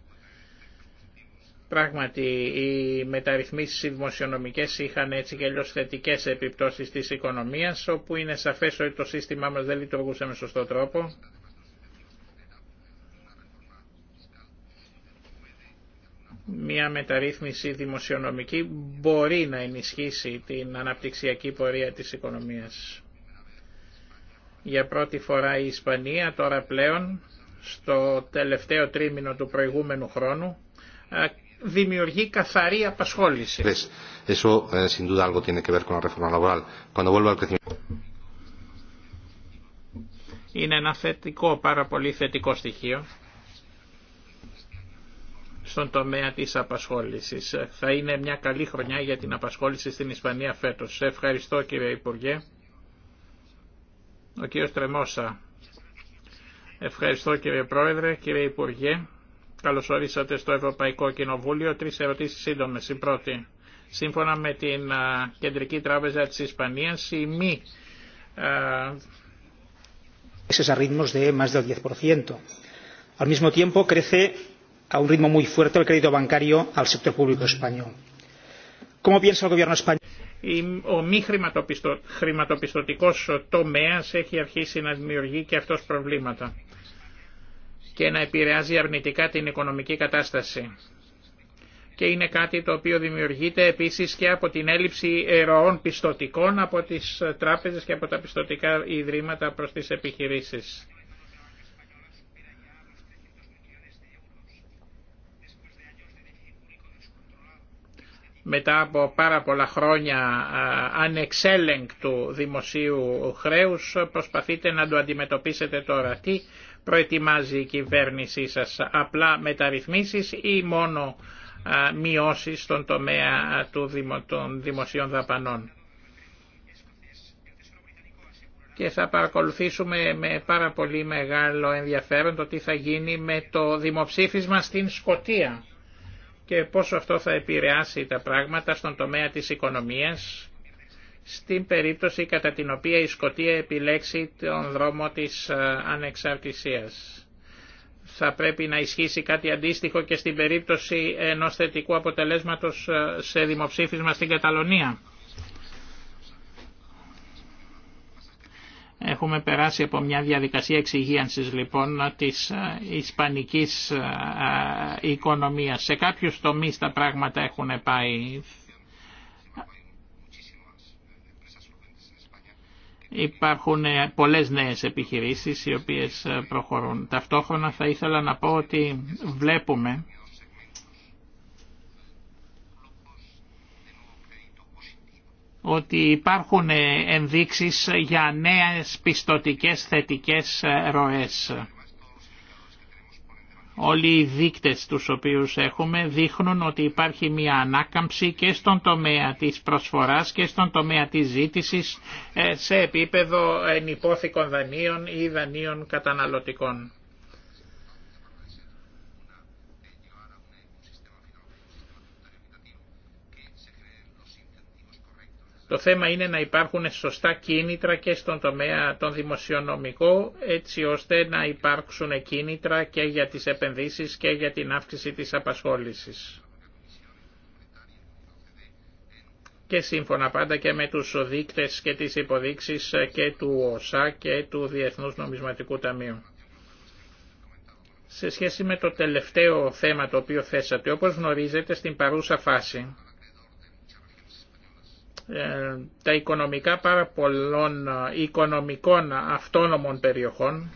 πράγματι οι μεταρρυθμίσεις οι δημοσιονομικές είχαν έτσι και αλλιώς θετικές επιπτώσεις της οικονομίας, όπου είναι σαφές ότι το σύστημά μας δεν λειτουργούσε με σωστό τρόπο. μια μεταρρύθμιση δημοσιονομική μπορεί να ενισχύσει την αναπτυξιακή πορεία της οικονομίας. Για πρώτη φορά η Ισπανία τώρα πλέον στο τελευταίο τρίμηνο του προηγούμενου χρόνου δημιουργεί καθαρή απασχόληση. Eso, eh, sin duda, algo Είναι ένα θετικό, πάρα πολύ θετικό στοιχείο στον τομέα της απασχόλησης. Θα είναι μια καλή χρονιά για την απασχόληση στην Ισπανία φέτος. Ευχαριστώ κύριε Υπουργέ. Ο κύριος Τρεμόσα. Ευχαριστώ κύριε Πρόεδρε, κύριε Υπουργέ. Καλώς ορίσατε στο Ευρωπαϊκό Κοινοβούλιο. Τρεις ερωτήσεις σύντομες. Η πρώτη. Σύμφωνα με την Κεντρική Τράπεζα της Ισπανίας, η μη... de más del 10%. Al mismo tiempo crece ο μη χρηματοπιστωτικός τομέας έχει αρχίσει να δημιουργεί και αυτός προβλήματα και να επηρεάζει αρνητικά την οικονομική κατάσταση. Και είναι κάτι το οποίο δημιουργείται επίσης και από την έλλειψη ροών πιστωτικών από τις τράπεζες και από τα πιστωτικά ιδρύματα προς τις επιχειρήσεις. μετά από πάρα πολλά χρόνια ανεξέλεγκτου δημοσίου χρέους προσπαθείτε να το αντιμετωπίσετε τώρα. Τι προετοιμάζει η κυβέρνησή σας, απλά μεταρρυθμίσεις ή μόνο μειώσεις στον τομέα των δημοσίων δαπανών. Και θα παρακολουθήσουμε με πάρα πολύ μεγάλο ενδιαφέρον το τι θα γίνει με το δημοψήφισμα στην Σκοτία και πόσο αυτό θα επηρεάσει τα πράγματα στον τομέα της οικονομίας στην περίπτωση κατά την οποία η Σκωτία επιλέξει τον δρόμο της ε, ανεξαρτησίας. Θα πρέπει να ισχύσει κάτι αντίστοιχο και στην περίπτωση ενός θετικού αποτελέσματος ε, σε δημοψήφισμα στην Καταλωνία. Έχουμε περάσει από μια διαδικασία εξυγίανσης λοιπόν της ε, ισπανικής ε, ε, οικονομίας. Σε κάποιους τομείς τα πράγματα έχουν πάει υπάρχουν πολλές νέες επιχειρήσεις οι οποίες προχωρούν. Ταυτόχρονα θα ήθελα να πω ότι βλέπουμε ότι υπάρχουν ε, ενδείξεις για νέες πιστοτικές θετικές ε, ροές. Όλοι οι δείκτες τους οποίους έχουμε δείχνουν ότι υπάρχει μια ανάκαμψη και στον τομέα της προσφοράς και στον τομέα της ζήτησης ε, σε επίπεδο ενυπόθηκων δανείων ή δανείων καταναλωτικών. Το θέμα είναι να υπάρχουν σωστά κίνητρα και στον τομέα των δημοσιονομικό έτσι ώστε να υπάρξουν κίνητρα και για τις επενδύσεις και για την αύξηση της απασχόλησης. Και σύμφωνα πάντα και με τους δείκτες και τις υποδείξεις και του ΟΣΑ και του Διεθνούς Νομισματικού Ταμείου. Σε σχέση με το τελευταίο θέμα το οποίο θέσατε, όπως γνωρίζετε στην παρούσα φάση, ε, τα οικονομικά πάρα πολλών ε, οικονομικών αυτόνομων περιοχών.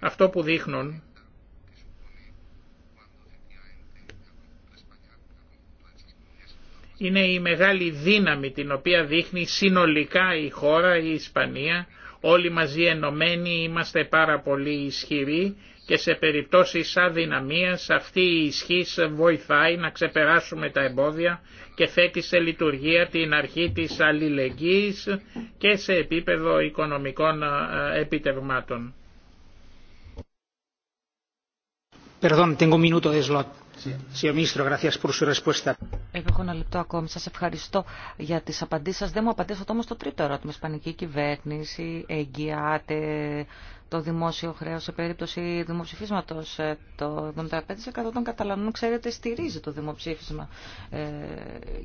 Αυτό που δείχνουν είναι η μεγάλη δύναμη την οποία δείχνει συνολικά η χώρα, η Ισπανία. Όλοι μαζί ενωμένοι είμαστε πάρα πολύ ισχυροί και σε περιπτώσεις αδυναμίας αυτή η ισχύ βοηθάει να ξεπεράσουμε τα εμπόδια και θέτει σε λειτουργία την αρχή της αλληλεγγύης και σε επίπεδο οικονομικών ε, επιτευγμάτων. Perdón, tengo un minuto de slot. Έχω ένα λεπτό ακόμη. Σα ευχαριστώ για τι απαντήσει σα. Δεν μου απαντήσατε όμω το τρίτο ερώτημα. πανική Ισπανική κυβέρνηση εγγυάται το δημόσιο χρέο σε περίπτωση δημοψηφίσματος. Ε, το 75% των Καταλανών ξέρετε στηρίζει το δημοψήφισμα ε,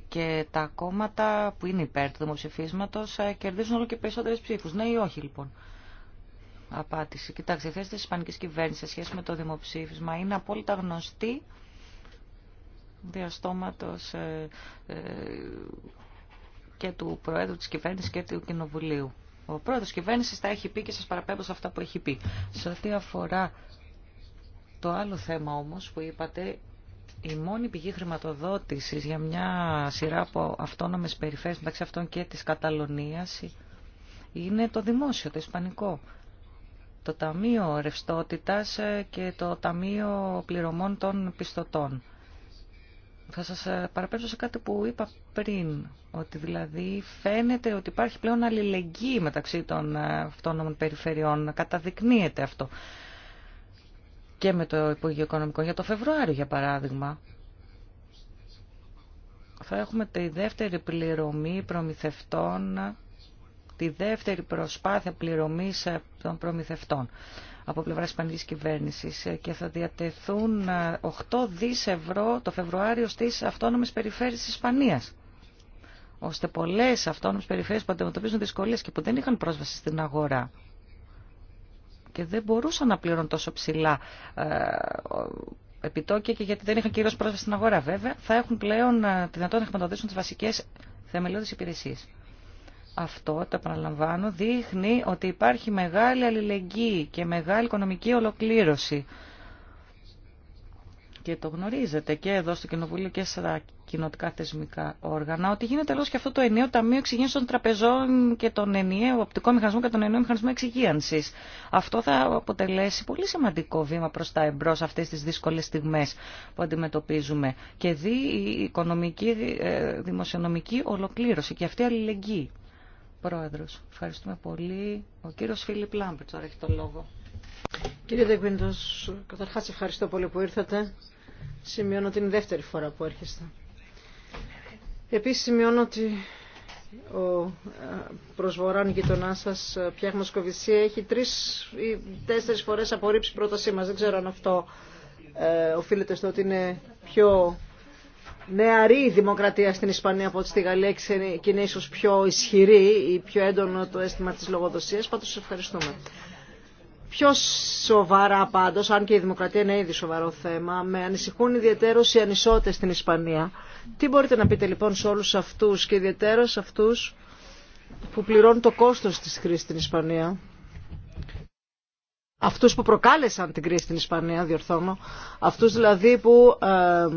και τα κόμματα που είναι υπέρ του δημοψηφίσματος ε, κερδίζουν όλο και περισσότερε ψήφου. Ναι ή όχι λοιπόν. Απάντηση. Κοιτάξτε, η θέση τη Ισπανική κυβέρνηση σε σχέση με το δημοψήφισμα είναι απόλυτα γνωστή διαστόματος και του Προέδρου της κυβέρνησης και του Κοινοβουλίου. Ο πρόεδρος κυβέρνηση τα έχει πει και σας παραπέμπω σε αυτά που έχει πει. Σε ό,τι αφορά το άλλο θέμα όμως που είπατε, η μόνη πηγή χρηματοδότησης για μια σειρά από αυτόνομε περιφέρειες μεταξύ αυτών και της Καταλωνία είναι το δημόσιο, το ισπανικό. Το Ταμείο ρευστότητα ε, και το Ταμείο Πληρωμών των Πιστωτών. Θα σας ε, παραπέμψω σε κάτι που είπα πριν, ότι δηλαδή φαίνεται ότι υπάρχει πλέον αλληλεγγύη μεταξύ των ε, αυτόνομων περιφερειών, καταδεικνύεται αυτό και με το Υπουργείο Οικονομικών. Για το Φεβρουάριο, για παράδειγμα, θα έχουμε τη δεύτερη πληρωμή προμηθευτών, τη δεύτερη προσπάθεια πληρωμής ε, των προμηθευτών από πλευρά Ισπανικής κυβέρνησης ε, και θα διατεθούν 8 ε, δις ευρώ το Φεβρουάριο στις αυτόνομες περιφέρειες της Ισπανίας ώστε πολλές αυτόνομες περιφέρειες που αντιμετωπίζουν δυσκολίες και που δεν είχαν πρόσβαση στην αγορά και δεν μπορούσαν να πληρώνουν τόσο ψηλά ε, επιτόκια και γιατί δεν είχαν κυρίως πρόσβαση στην αγορά βέβαια, θα έχουν πλέον τη δυνατότητα να χρηματοδοτήσουν τις βασικές θεμελιώδεις υπηρεσίες αυτό, το επαναλαμβάνω, δείχνει ότι υπάρχει μεγάλη αλληλεγγύη και μεγάλη οικονομική ολοκλήρωση. Και το γνωρίζετε και εδώ στο Κοινοβούλιο και στα κοινοτικά θεσμικά όργανα, ότι γίνεται λόγο και αυτό το ενιαίο Ταμείο Εξυγίανση των Τραπεζών και των ενιαίων οπτικών Μηχανισμό και τον ενιαίων Μηχανισμό Εξυγίανση. Αυτό θα αποτελέσει πολύ σημαντικό βήμα προ τα εμπρό αυτέ τι δύσκολε στιγμέ που αντιμετωπίζουμε. Και δει η οικονομική, ε, δημοσιονομική ολοκλήρωση και αυτή η αλληλεγγύη. Πρόεδρος. Ευχαριστούμε πολύ. Ο κύριος Φίλιπ Λάμπερτ τώρα έχει το λόγο. Κύριε Δεκμήντος, καταρχάς ευχαριστώ πολύ που ήρθατε. Σημειώνω την δεύτερη φορά που έρχεστε. Επίσης σημειώνω ότι ο ε, προσβοράν γειτονά σα, ε, Πιάχ έχει τρει ή τέσσερι φορέ απορρίψει πρότασή μα. Δεν ξέρω αν αυτό ε, οφείλεται στο ότι είναι πιο νεαρή δημοκρατία στην Ισπανία από ότι στη Γαλλία και είναι ίσω πιο ισχυρή ή πιο έντονο το αίσθημα τη λογοδοσία, Πάντω, σα ευχαριστούμε. Πιο σοβαρά πάντω, αν και η δημοκρατία είναι ήδη σοβαρό θέμα, με ανησυχούν ιδιαίτερω οι ανισότητε στην Ισπανία. Τι μπορείτε να πείτε λοιπόν σε όλου αυτού και ιδιαίτερα σε αυτούς που πληρώνουν το κόστο τη κρίσης στην Ισπανία. Αυτούς που προκάλεσαν την κρίση στην Ισπανία, διορθώνω. Αυτούς δηλαδή που ε,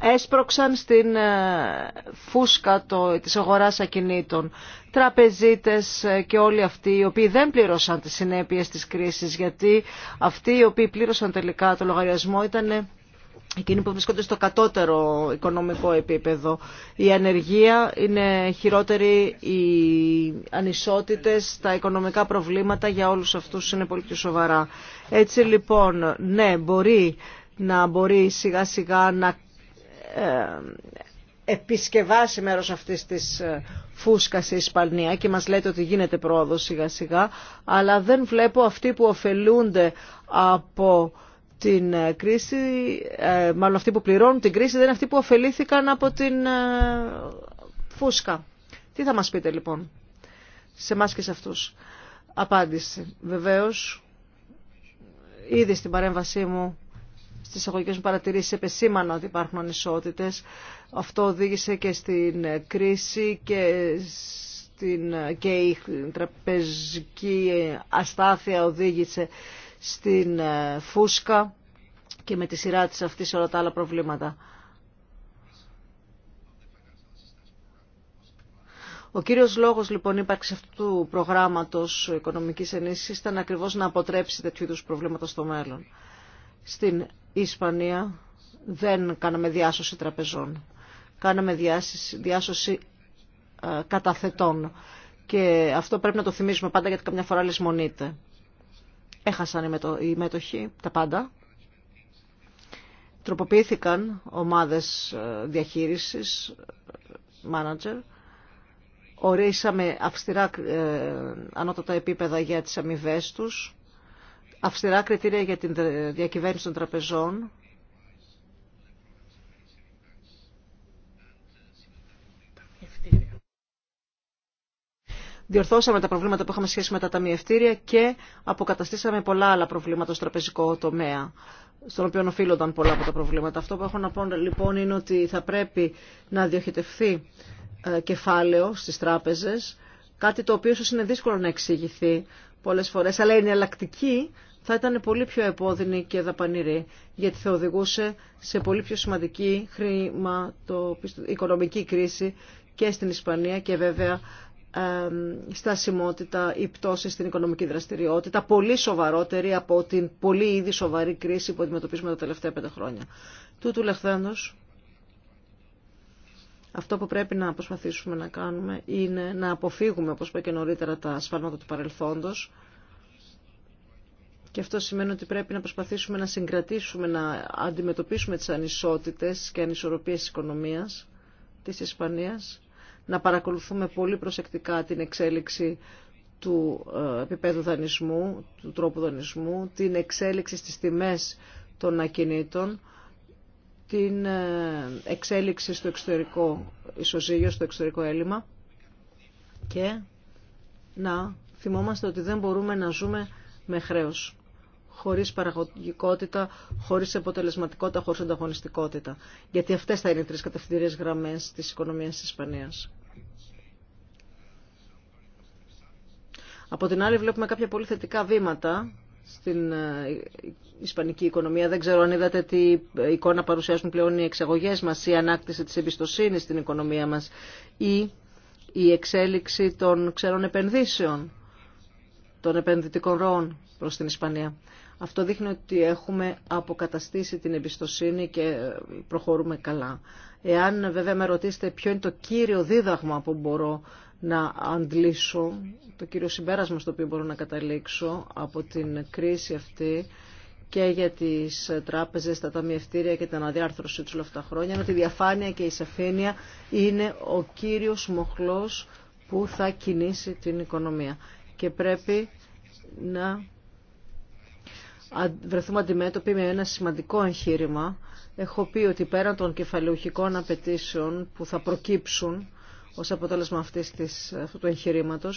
έσπρωξαν στην ε, φούσκα το, της αγοράς ακινήτων. Τραπεζίτες ε, και όλοι αυτοί οι οποίοι δεν πλήρωσαν τις συνέπειες της κρίσης γιατί αυτοί οι οποίοι πλήρωσαν τελικά το λογαριασμό ήταν ε, εκείνοι που βρισκόνται στο κατώτερο οικονομικό επίπεδο. Η ανεργία είναι χειρότερη, οι ανισότητες, τα οικονομικά προβλήματα για όλους αυτούς είναι πολύ πιο σοβαρά. Έτσι λοιπόν, ναι, μπορεί να μπορεί σιγά σιγά να ε, επισκευάσει μέρος αυτής της ε, φούσκας η Ισπανία και μας λέτε ότι γίνεται πρόοδος σιγά σιγά, αλλά δεν βλέπω αυτοί που ωφελούνται από την ε, κρίση, μάλλον αυτοί που πληρώνουν την κρίση δεν είναι αυτοί που ωφελήθηκαν από την φούσκα. Τι θα μας πείτε λοιπόν, σε εμά και σε αυτούς. Απάντηση. Βεβαίως, ήδη στην παρέμβασή μου στι εισαγωγικέ μου παρατηρήσει επεσήμανα ότι υπάρχουν ανισότητε. Αυτό οδήγησε και στην κρίση και, στην, και η τραπεζική αστάθεια οδήγησε στην ε, φούσκα και με τη σειρά της αυτή σε όλα τα άλλα προβλήματα. Ο κύριος λόγος λοιπόν ύπαρξη αυτού του προγράμματος οικονομικής ενίσχυσης ήταν ακριβώς να αποτρέψει τέτοιου είδους προβλήματα στο μέλλον. Στην η Ισπανία δεν κάναμε διάσωση τραπεζών. Κάναμε διάσωση, διάσωση ε, καταθετών. Και αυτό πρέπει να το θυμίζουμε πάντα γιατί καμιά φορά λησμονείται. Έχασαν οι μέτοχοι τα πάντα. Τροποποιήθηκαν ομάδες ε, διαχείρισης, ε, manager. Ορίσαμε αυστηρά ε, ανώτατα επίπεδα για τις αμοιβέ τους αυστηρά κριτήρια για την διακυβέρνηση των τραπεζών, διορθώσαμε τα προβλήματα που είχαμε σχέση με τα ταμιευτήρια και αποκαταστήσαμε πολλά άλλα προβλήματα στο τραπεζικό τομέα, στον οποίο οφείλονταν πολλά από τα προβλήματα. Αυτό που έχω να πω λοιπόν είναι ότι θα πρέπει να διοχετευθεί ε, κεφάλαιο στις τράπεζες, κάτι το οποίο ίσως είναι δύσκολο να εξηγηθεί πολλές φορές, αλλά είναι εναλλακτική θα ήταν πολύ πιο επώδυνη και δαπανηρή, γιατί θα οδηγούσε σε πολύ πιο σημαντική οικονομική κρίση και στην Ισπανία και βέβαια στασιμότητα ή πτώση στην οικονομική δραστηριότητα, πολύ σοβαρότερη από την πολύ ήδη σοβαρή κρίση που αντιμετωπίζουμε τα τελευταία πέντε χρόνια. Τούτου λεχθέντος, αυτό που πρέπει να προσπαθήσουμε να κάνουμε είναι να αποφύγουμε, όπως είπα και νωρίτερα, τα ασφάλματα του παρελθόντος, και αυτό σημαίνει ότι πρέπει να προσπαθήσουμε να συγκρατήσουμε, να αντιμετωπίσουμε τις ανισότητες και ανισορροπίες της οικονομίας της Ισπανίας, να παρακολουθούμε πολύ προσεκτικά την εξέλιξη του ε, επίπεδου δανεισμού, του τρόπου δανεισμού, την εξέλιξη στις τιμές των ακινήτων, την ε, εξέλιξη στο εξωτερικό ισοζύγιο, στο εξωτερικό έλλειμμα και να θυμόμαστε ότι δεν μπορούμε να ζούμε με χρέος χωρίς παραγωγικότητα, χωρίς αποτελεσματικότητα, χωρίς ανταγωνιστικότητα. Γιατί αυτές θα είναι οι τρεις κατευθυντήριες γραμμές της οικονομίας της Ισπανίας. Από την άλλη βλέπουμε κάποια πολύ θετικά βήματα στην ε, ισπανική οικονομία. Δεν ξέρω αν είδατε τι εικόνα παρουσιάζουν πλέον οι εξαγωγές μας, η ανάκτηση της εμπιστοσύνης στην οικονομία μας ή η εξέλιξη των ξένων επενδύσεων, των επενδυτικών ροών προς την Ισπανία. Αυτό δείχνει ότι έχουμε αποκαταστήσει την εμπιστοσύνη και προχωρούμε καλά. Εάν βέβαια με ρωτήσετε ποιο είναι το κύριο δίδαγμα που μπορώ να αντλήσω, το κύριο συμπέρασμα στο οποίο μπορώ να καταλήξω από την κρίση αυτή και για τις τράπεζες, τα ταμιευτήρια και την αναδιάρθρωσή τους όλα αυτά τα χρόνια, είναι ότι η διαφάνεια και η σαφήνεια είναι ο κύριος μοχλός που θα κινήσει την οικονομία. Και πρέπει να βρεθούμε αντιμέτωποι με ένα σημαντικό εγχείρημα. Έχω πει ότι πέραν των κεφαλαιοχικών απαιτήσεων που θα προκύψουν ως αποτέλεσμα αυτής της, αυτού του εγχειρήματο.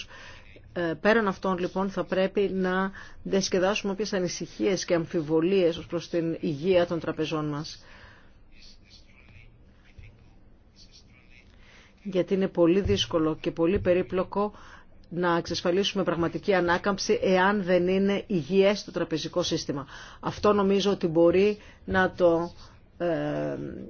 Ε, πέραν αυτών λοιπόν θα πρέπει να διασκεδάσουμε όποιες ανησυχίες και αμφιβολίες ως προς την υγεία των τραπεζών μας. Γιατί είναι πολύ δύσκολο και πολύ περίπλοκο να εξασφαλίσουμε πραγματική ανάκαμψη εάν δεν είναι υγιές το τραπεζικό σύστημα. Αυτό νομίζω ότι μπορεί να το ε,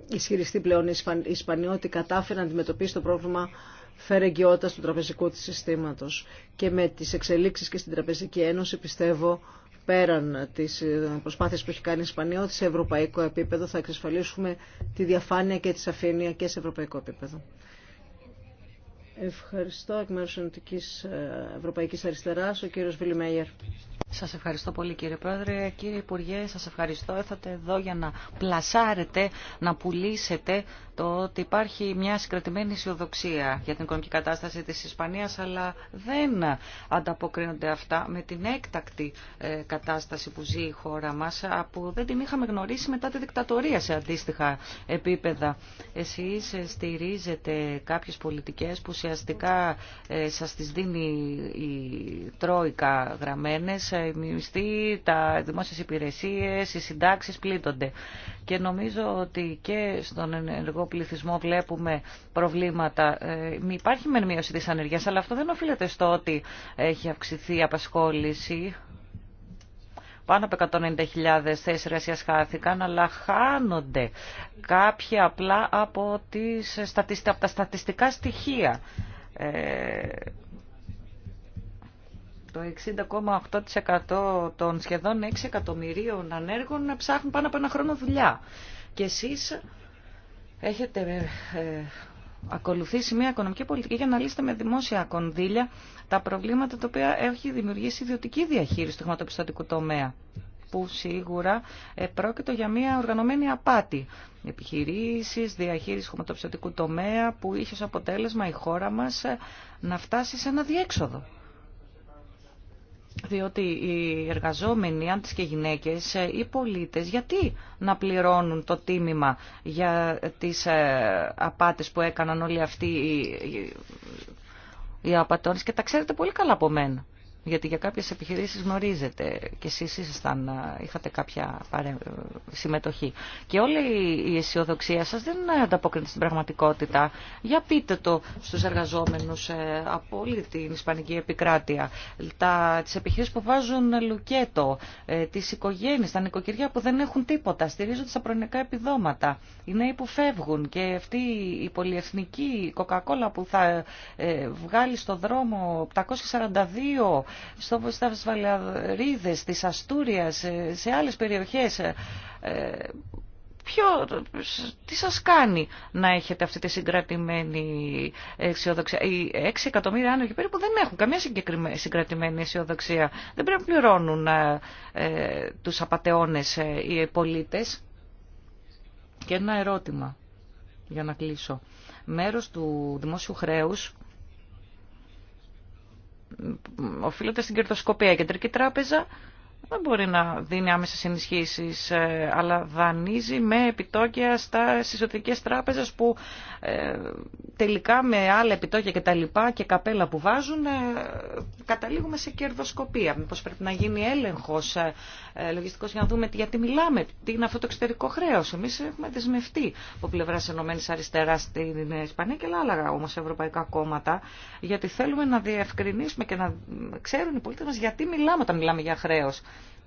ισχυριστεί πλέον η Ισπανία ότι κατάφερε να αντιμετωπίσει το πρόβλημα φερεγγιότητας του τραπεζικού της συστήματος. Και με τις εξελίξεις και στην Τραπεζική Ένωση πιστεύω πέραν της ε, προσπάθειας που έχει κάνει η Ισπανία ότι σε ευρωπαϊκό επίπεδο θα εξασφαλίσουμε τη διαφάνεια και τη σαφήνεια και σε ευρωπαϊκό επίπεδο. Ευχαριστώ εκ μέρους της ε, Ευρωπαϊκής Αριστεράς, ο κύριος Βίλι Μέγερ. Σας ευχαριστώ πολύ κύριε Πρόεδρε. Κύριε Υπουργέ, σας ευχαριστώ. Έθατε εδώ για να πλασάρετε, να πουλήσετε το ότι υπάρχει μια συγκρατημένη αισιοδοξία για την οικονομική κατάσταση της Ισπανίας, αλλά δεν ανταποκρίνονται αυτά με την έκτακτη ε, κατάσταση που ζει η χώρα μας, που δεν την είχαμε γνωρίσει μετά τη δικτατορία σε αντίστοιχα επίπεδα. Εσείς στηρίζετε κάποιες πολιτικές που σε ουσιαστικά ε, σας τις δίνει η Τρόικα γραμμένες, ε, οι μισθοί, τα δημόσιες υπηρεσίες, οι συντάξεις πλήττονται. Και νομίζω ότι και στον ενεργό πληθυσμό βλέπουμε προβλήματα. Ε, υπάρχει μεν μείωση της ανεργίας, αλλά αυτό δεν οφείλεται στο ότι έχει αυξηθεί η απασχόληση πάνω από 190.000 θέσεις εργασίας χάθηκαν, αλλά χάνονται κάποια απλά από, τις, από τα στατιστικά στοιχεία. Ε, το 60,8% των σχεδόν 6 εκατομμυρίων ανέργων να ψάχνουν πάνω από ένα χρόνο δουλειά. Και εσείς έχετε ε, ακολουθήσει μια οικονομική πολιτική για να λύσετε με δημόσια κονδύλια τα προβλήματα τα οποία έχει δημιουργήσει η ιδιωτική διαχείριση του χρηματοπιστωτικού τομέα που σίγουρα ε, πρόκειται για μια οργανωμένη απάτη. Επιχειρήσεις, διαχείριση χρηματοπιστωτικού τομέα που είχε ως αποτέλεσμα η χώρα μας ε, να φτάσει σε ένα διέξοδο διότι οι εργαζόμενοι, άντρες και γυναίκες, ε, οι πολίτες, γιατί να πληρώνουν το τίμημα για τις ε, απάτες που έκαναν όλοι αυτοί οι, οι και τα ξέρετε πολύ καλά από μένα. Γιατί για κάποιες επιχειρήσεις γνωρίζετε και εσείς ήσασταν, είχατε κάποια ε, συμμετοχή. Και όλη η αισιοδοξία σας δεν ανταποκρίνεται στην πραγματικότητα. Για πείτε το στους εργαζόμενους ε, από όλη την Ισπανική επικράτεια. Τα... Τις επιχειρήσεις που βάζουν λουκέτο, ε, τις οικογένειες, τα νοικοκυριά που δεν έχουν τίποτα, στηρίζονται στα προνοικά επιδόματα. Οι νέοι που φεύγουν και αυτή η πολυεθνική κοκακόλα που θα βγάλει στο δρόμο 742 στο στα Βαλιαρίδες, της Αστούριας, ε, σε άλλες περιοχές. Ε, ε, ποιο, τι σας κάνει να έχετε αυτή τη συγκρατημένη αισιοδοξία. Οι 6 εκατομμύρια άνοιγοι περίπου δεν έχουν καμία συγκρατημένη αισιοδοξία. Δεν πρέπει να πληρώνουν ε, τους απαταιώνες οι πολίτες. Και ένα ερώτημα για να κλείσω. Μέρος του δημόσιου χρέους οφείλεται στην κερδοσκοπία. Η Κεντρική Τράπεζα δεν μπορεί να δίνει άμεσες ενισχύσεις, ε, αλλά δανείζει με επιτόκια στα συσοτικές τράπεζες που ε, τελικά με άλλα επιτόκια και τα λοιπά και καπέλα που βάζουν ε, καταλήγουμε σε κερδοσκοπία. Μήπως πρέπει να γίνει έλεγχος ε, ε λογιστικός για να δούμε γιατί μιλάμε, τι είναι αυτό το εξωτερικό χρέος. Εμείς έχουμε δεσμευτεί από πλευρά ΕΕ αριστερά στην Ισπανία και άλλα όμως ευρωπαϊκά κόμματα, γιατί θέλουμε να διευκρινίσουμε και να ξέρουν οι πολίτες μας γιατί μιλάμε όταν μιλάμε για χρέο.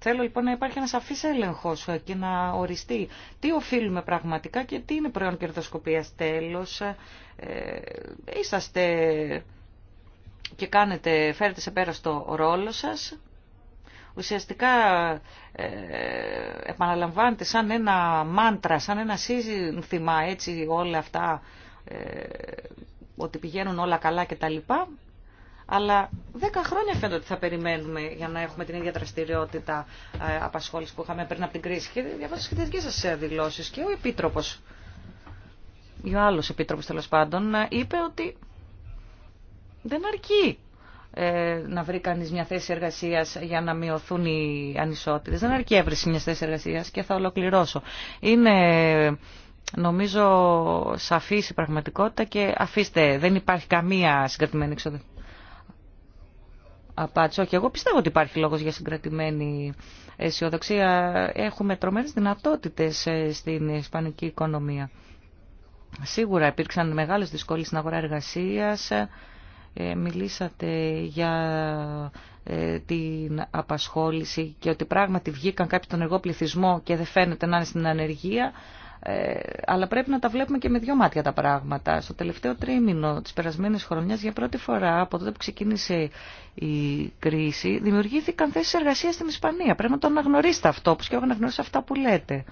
Θέλω λοιπόν να υπάρχει ένα σαφή έλεγχο και να οριστεί τι οφείλουμε πραγματικά και τι είναι προϊόν κερδοσκοπία. Τέλο, ε, είσαστε και κάνετε, φέρετε σε πέρα στο ρόλο σας. Ουσιαστικά ε, επαναλαμβάνετε σαν ένα μάντρα, σαν ένα σύνθημα έτσι όλα αυτά, ε, ότι πηγαίνουν όλα καλά κτλ αλλά δέκα χρόνια φαίνεται ότι θα περιμένουμε για να έχουμε την ίδια δραστηριότητα ε, απασχόληση που είχαμε πριν από την κρίση. Και διαβάζω και τι δικέ σα ε, δηλώσει. Και ο Επίτροπο, ή ο άλλο Επίτροπο τέλο πάντων, ε, είπε ότι δεν αρκεί να βρει κανεί μια θέση εργασία για να μειωθούν οι ανισότητε. Δεν αρκεί έβριση μια θέση εργασία και θα ολοκληρώσω. Είναι νομίζω σαφής η πραγματικότητα και αφήστε, δεν υπάρχει καμία συγκρατημένη εξοδευτική απάντηση. Όχι, εγώ πιστεύω ότι υπάρχει λόγος για συγκρατημένη αισιοδοξία. Έχουμε τρομερές δυνατότητες ε, στην ισπανική οικονομία. Σίγουρα υπήρξαν μεγάλες δυσκολίες στην αγορά εργασίας. Ε, μιλήσατε για ε, την απασχόληση και ότι πράγματι βγήκαν κάποιοι τον εργό πληθυσμό και δεν φαίνεται να είναι στην ανεργία. Ε, αλλά πρέπει να τα βλέπουμε και με δυο μάτια τα πράγματα. Στο τελευταίο τρίμηνο της περασμένης χρονιάς, για πρώτη φορά από τότε που ξεκίνησε η κρίση, δημιουργήθηκαν θέσεις εργασίας στην Ισπανία. Πρέπει να το αναγνωρίσετε αυτό, όπως και εγώ αναγνωρίσω αυτά που λέτε.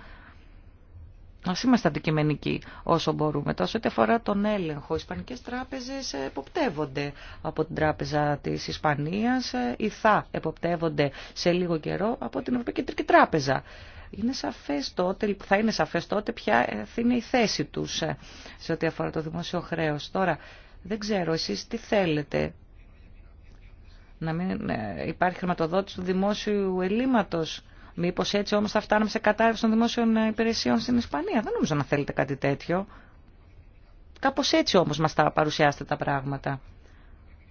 Α είμαστε αντικειμενικοί όσο μπορούμε. Τόσο ό,τι αφορά τον έλεγχο, οι Ισπανικέ τράπεζε εποπτεύονται από την Τράπεζα τη Ισπανία ε, ή θα εποπτεύονται σε λίγο καιρό από την Ευρωπαϊκή Κεντρική Τράπεζα. Είναι σαφές τότε, θα είναι σαφές τότε ποια θα είναι η θέση τους ε, σε ό,τι αφορά το δημόσιο χρέος. Τώρα, δεν ξέρω εσείς τι θέλετε. Να μην ε, υπάρχει χρηματοδότηση του δημόσιου ελλείμματος. Μήπως έτσι όμως θα φτάνουμε σε κατάρρευση των δημόσιων ε, υπηρεσιών στην Ισπανία. Δεν νομίζω να θέλετε κάτι τέτοιο. Κάπως έτσι όμως μας τα παρουσιάσετε τα πράγματα.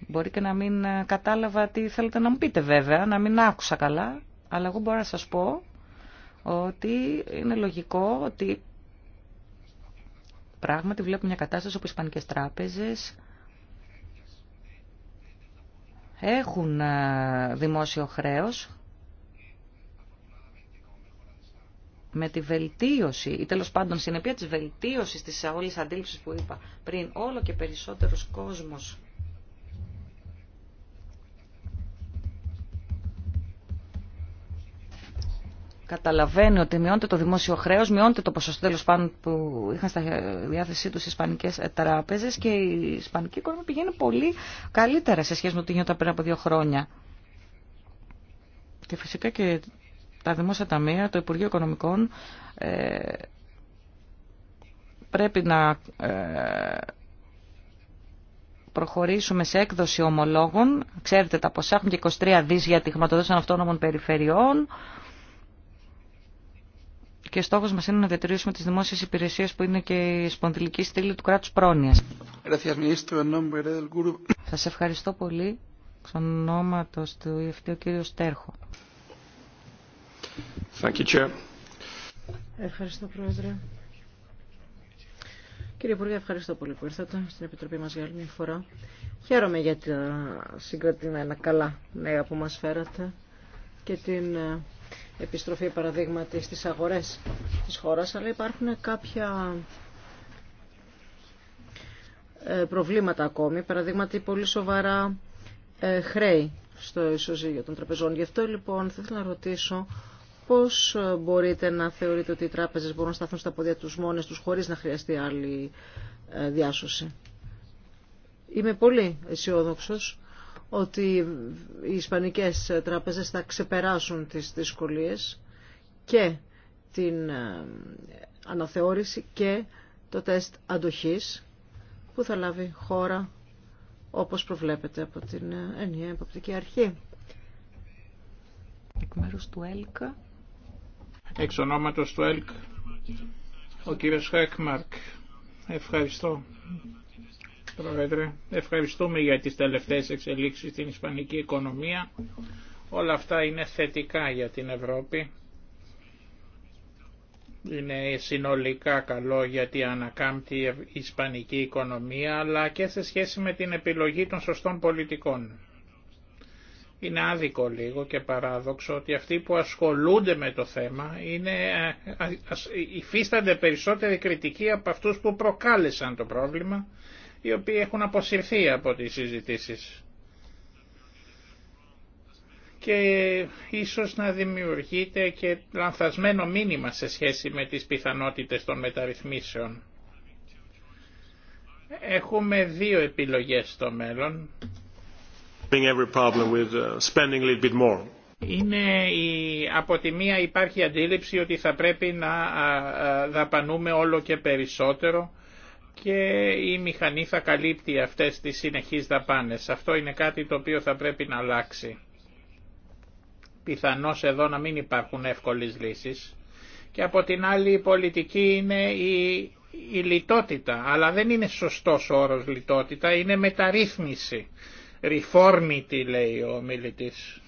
Μπορεί και να μην κατάλαβα τι θέλετε να μου πείτε βέβαια, να μην άκουσα καλά, αλλά εγώ μπορώ να σας πω ότι είναι λογικό ότι πράγματι βλέπουμε μια κατάσταση όπου οι ισπανικές τράπεζες έχουν ε, δημόσιο χρέος με τη βελτίωση ή τέλος πάντων συνεπία της βελτίωσης της όλης αντίληψης που είπα πριν όλο και περισσότερος κόσμος καταλαβαίνει ότι μειώνεται το δημόσιο χρέο, μειώνεται το ποσοστό τέλο πάντων που είχαν στα διάθεσή του οι Ισπανικέ τράπεζε και η Ισπανική οικονομία πηγαίνει πολύ καλύτερα σε σχέση με ό,τι γινόταν πριν από δύο χρόνια. Και φυσικά και τα δημόσια ταμεία, το Υπουργείο Οικονομικών ε, πρέπει να ε, προχωρήσουμε σε έκδοση ομολόγων. Ξέρετε τα ποσά, έχουμε και 23 δις για τη χρηματοδότηση των αυτόνομων περιφερειών και στόχος μας είναι να διατηρήσουμε τις δημόσιες υπηρεσίες που είναι και η σπονδυλική στήλη του κράτους πρόνοιας. σε ευχαριστώ πολύ. όνομα του Ιευτή ο κύριος Στέρχο. Ευχαριστώ, Πρόεδρε. Κύριε Υπουργέ, ευχαριστώ πολύ που ήρθατε στην Επιτροπή μας για άλλη μια φορά. Χαίρομαι για τα συγκρατημένα καλά νέα που μας φέρατε και την ε, επιστροφή παραδείγματι στις αγορές της χώρας, αλλά υπάρχουν κάποια ε, προβλήματα ακόμη, παραδείγματι πολύ σοβαρά ε, χρέη στο ισοζύγιο των τραπεζών. Γι' αυτό λοιπόν θα ήθελα να ρωτήσω πώς ε, μπορείτε να θεωρείτε ότι οι τράπεζες μπορούν να σταθούν στα πόδια τους μόνες τους χωρίς να χρειαστεί άλλη διάσωση. Είμαι πολύ αισιόδοξο ότι οι ισπανικές τράπεζες θα ξεπεράσουν τις δυσκολίες και την ε, αναθεώρηση και το τεστ αντοχής που θα λάβει χώρα όπως προβλέπεται από την ε, ενιαία εποπτική αρχή. Εκ μέρους του ΕΛΚ. Εξ ονόματος του ΕΛΚ, ο κύριος Χέκμαρκ. Ευχαριστώ Πρόεδρε. Ευχαριστούμε για τις τελευταίες εξελίξεις στην ισπανική οικονομία. Όλα αυτά είναι θετικά για την Ευρώπη. Είναι συνολικά καλό γιατί ανακάμπτει η ισπανική οικονομία αλλά και σε σχέση με την επιλογή των σωστών πολιτικών. Είναι άδικο λίγο και παράδοξο ότι αυτοί που ασχολούνται με το θέμα είναι, ε, ε, υφίστανται περισσότερη κριτική από αυτούς που προκάλεσαν το πρόβλημα οι οποίοι έχουν αποσυρθεί από τις συζητήσεις. Και ίσως να δημιουργείται και λανθασμένο μήνυμα σε σχέση με τις πιθανότητες των μεταρρυθμίσεων. Έχουμε δύο επιλογές στο μέλλον. Είναι η, από τη μία υπάρχει αντίληψη ότι θα πρέπει να δαπανούμε όλο και περισσότερο και η μηχανή θα καλύπτει αυτές τις συνεχείς δαπάνες. Αυτό είναι κάτι το οποίο θα πρέπει να αλλάξει. Πιθανώς εδώ να μην υπάρχουν εύκολες λύσεις. Και από την άλλη η πολιτική είναι η, λιτότητα, αλλά δεν είναι σωστός όρος λιτότητα, είναι μεταρρύθμιση. Reformity λέει ο μιλητής.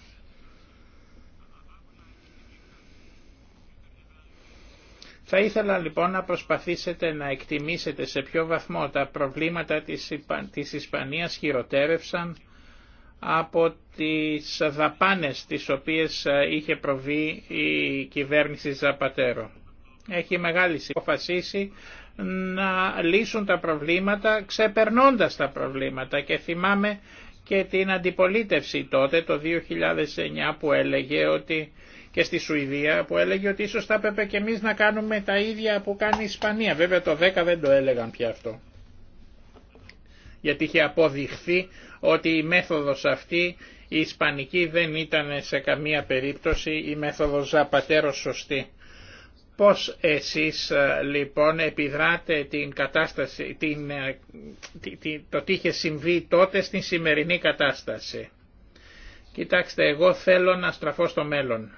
Θα ήθελα λοιπόν να προσπαθήσετε να εκτιμήσετε σε ποιο βαθμό τα προβλήματα της Ισπανίας χειροτέρευσαν από τις δαπάνες τις οποίες ε, είχε προβεί η κυβέρνηση Ζαπατέρο. Έχει μεγάλη αποφασίσει να λύσουν τα προβλήματα ξεπερνώντας τα προβλήματα και θυμάμαι και την αντιπολίτευση τότε το 2009 που έλεγε ότι και στη Σουηδία που έλεγε ότι ίσως θα έπρεπε και εμείς να κάνουμε τα ίδια που κάνει η Ισπανία. Βέβαια το 10 δεν το έλεγαν πια αυτό. Γιατί είχε αποδειχθεί ότι η μέθοδος αυτή η Ισπανική δεν ήταν σε καμία περίπτωση η μέθοδος Ζαπατέρο σωστή. Πώς εσείς ε, λοιπόν επιδράτε την κατάσταση, ε, το τι είχε συμβεί τότε στην σημερινή κατάσταση. Κοιτάξτε, εγώ θέλω να στραφώ στο μέλλον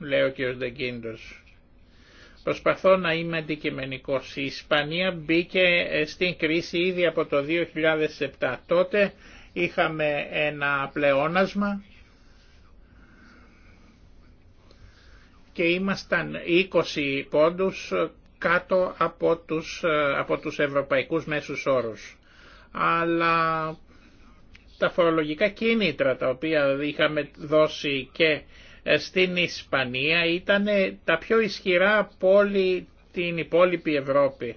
λέει ο κ. Δεγκίντος. Προσπαθώ να είμαι αντικειμενικός. Η Ισπανία μπήκε ε, στην κρίση ήδη από το 2007. Τότε είχαμε ένα πλεόνασμα και ήμασταν 20 πόντους κάτω από τους, ε, από τους ευρωπαϊκούς μέσους όρους. Αλλά τα φορολογικά κίνητρα τα οποία είχαμε δώσει και ε, στην Ισπανία ήταν τα πιο ισχυρά πόλη την υπόλοιπη Ευρώπη.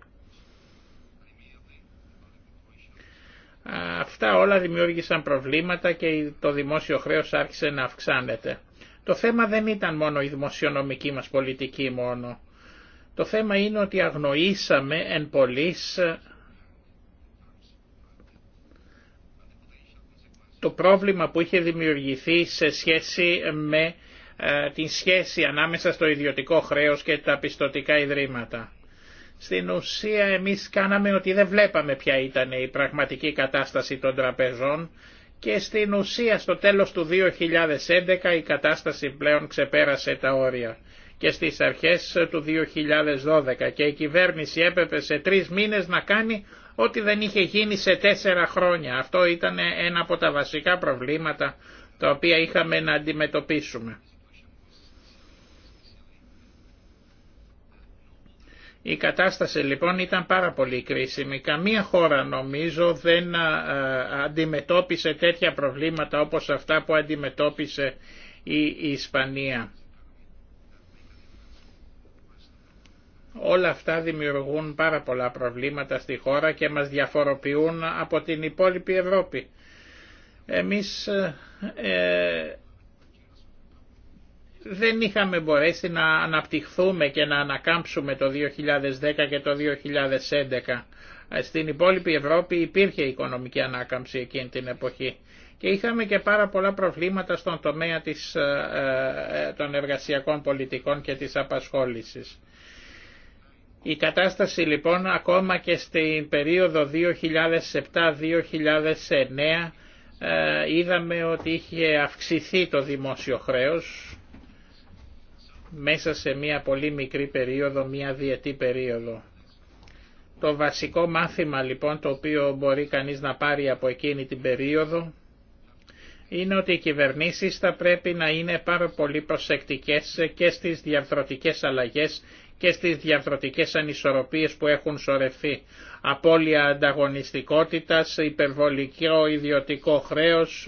Αυτά όλα δημιούργησαν προβλήματα και το δημόσιο χρέος άρχισε να αυξάνεται. Το θέμα δεν ήταν μόνο η δημοσιονομική μας πολιτική μόνο. Το θέμα είναι ότι αγνοήσαμε εν πολλής ε, το πρόβλημα που είχε δημιουργηθεί σε σχέση με ε, την σχέση ανάμεσα στο ιδιωτικό χρέος και τα πιστοτικά ιδρύματα. Στην ουσία εμείς κάναμε ότι δεν βλέπαμε ποια ήταν η πραγματική κατάσταση των τραπεζών και στην ουσία στο τέλος του 2011 η κατάσταση πλέον ξεπέρασε τα όρια και στις αρχές του 2012 και η κυβέρνηση έπρεπε σε τρεις μήνες να κάνει ό,τι δεν είχε γίνει σε τέσσερα χρόνια. Αυτό ήταν ένα από τα βασικά προβλήματα τα οποία είχαμε να αντιμετωπίσουμε. Η κατάσταση λοιπόν ήταν πάρα πολύ κρίσιμη. Καμία χώρα νομίζω δεν αντιμετώπισε τέτοια προβλήματα όπως αυτά που αντιμετώπισε η Ισπανία. Όλα αυτά δημιουργούν πάρα πολλά προβλήματα στη χώρα και μας διαφοροποιούν από την υπόλοιπη Ευρώπη. Εμείς ε, δεν είχαμε μπορέσει να αναπτυχθούμε και να ανακάμψουμε το 2010 και το 2011. Ε, στην υπόλοιπη Ευρώπη υπήρχε οικονομική ανάκαμψη εκείνη την εποχή και είχαμε και πάρα πολλά προβλήματα στον τομέα της, ε, ε, των εργασιακών πολιτικών και της απασχόλησης. Η κατάσταση λοιπόν ακόμα και στην περίοδο 2007-2009 είδαμε ότι είχε αυξηθεί το δημόσιο χρέος μέσα σε μία πολύ μικρή περίοδο, μία διετή περίοδο. Το βασικό μάθημα λοιπόν το οποίο μπορεί κανείς να πάρει από εκείνη την περίοδο είναι ότι οι κυβερνήσεις θα πρέπει να είναι πάρα πολύ προσεκτικές και στις διαρθρωτικές αλλαγές και στις διαρθρωτικές ανισορροπίες που έχουν σωρευθεί. Απόλυα ανταγωνιστικότητας, υπερβολικό ιδιωτικό χρέος,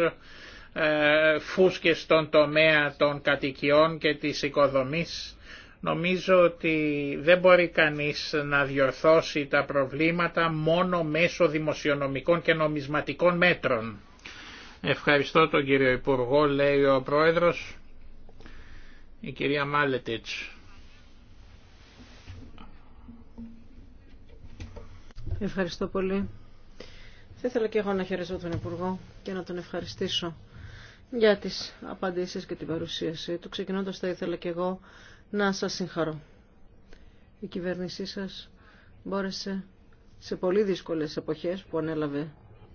ε, φούσκες στον τομέα των κατοικιών και της οικοδομής. Νομίζω ότι δεν μπορεί κανείς να διορθώσει τα προβλήματα μόνο μέσω δημοσιονομικών και νομισματικών μέτρων. Ευχαριστώ τον κύριο Υπουργό, λέει ο Πρόεδρος, η κυρία Μάλετιτς. Ευχαριστώ πολύ. Θα ήθελα και εγώ να χαιρετήσω τον Υπουργό και να τον ευχαριστήσω για τις απαντήσεις και την παρουσίαση του. Ξεκινώντας θα ήθελα και εγώ να σας συγχαρώ. Η κυβέρνησή σας μπόρεσε σε πολύ δύσκολες εποχές που ανέλαβε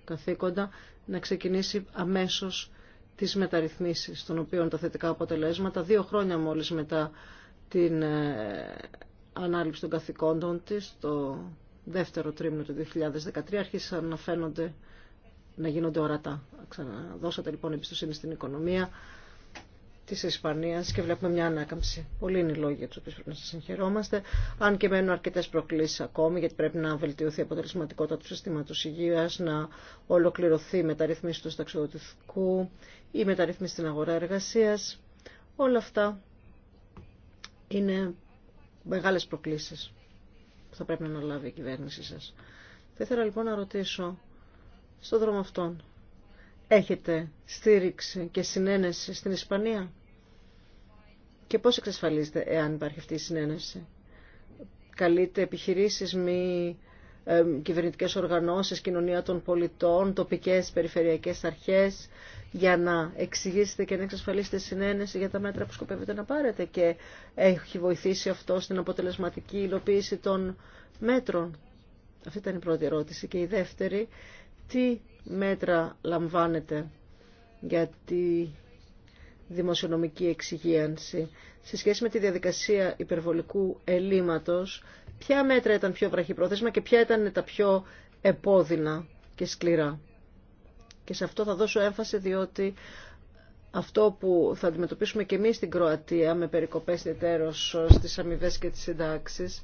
καθήκοντα να ξεκινήσει αμέσως τις μεταρρυθμίσεις των οποίων τα θετικά αποτελέσματα δύο χρόνια μόλις μετά την ε, ανάληψη των καθηκόντων της το δεύτερο τρίμηνο του 2013 άρχισαν να φαίνονται να γίνονται ορατά. Ξαναδώσατε λοιπόν εμπιστοσύνη στην οικονομία τη Ισπανία και βλέπουμε μια ανάκαμψη. Πολύ είναι οι λόγοι για του οποίου πρέπει να σα συγχαιρόμαστε. Αν και μένουν αρκετέ προκλήσει ακόμη, γιατί πρέπει να βελτιωθεί η αποτελεσματικότητα του συστήματο υγεία, να ολοκληρωθεί η μεταρρύθμιση του ταξιδιωτικού η μεταρρύθμιση στην αγορά εργασία. Όλα αυτά είναι μεγάλε προκλήσει που θα πρέπει να αναλάβει η κυβέρνησή σα. Θα ήθελα λοιπόν να ρωτήσω στον δρόμο αυτόν. Έχετε στήριξη και συνένεση στην Ισπανία. Και πώς εξασφαλίζετε εάν υπάρχει αυτή η συνένεση. Καλείτε επιχειρήσεις μη ε, κυβερνητικές οργανώσεις, κοινωνία των πολιτών, τοπικές περιφερειακές αρχές για να εξηγήσετε και να εξασφαλίσετε συνένεση για τα μέτρα που σκοπεύετε να πάρετε και έχει βοηθήσει αυτό στην αποτελεσματική υλοποίηση των μέτρων. Αυτή ήταν η πρώτη ερώτηση. Και η δεύτερη τι μέτρα λαμβάνετε για τη δημοσιονομική εξυγίανση σε σχέση με τη διαδικασία υπερβολικού ελλείμματος ποια μέτρα ήταν πιο βραχυπρόθεσμα και ποια ήταν τα πιο επώδυνα και σκληρά. Και σε αυτό θα δώσω έμφαση διότι αυτό που θα αντιμετωπίσουμε και εμείς στην Κροατία με περικοπές εταίρως στις αμοιβέ και τις συντάξεις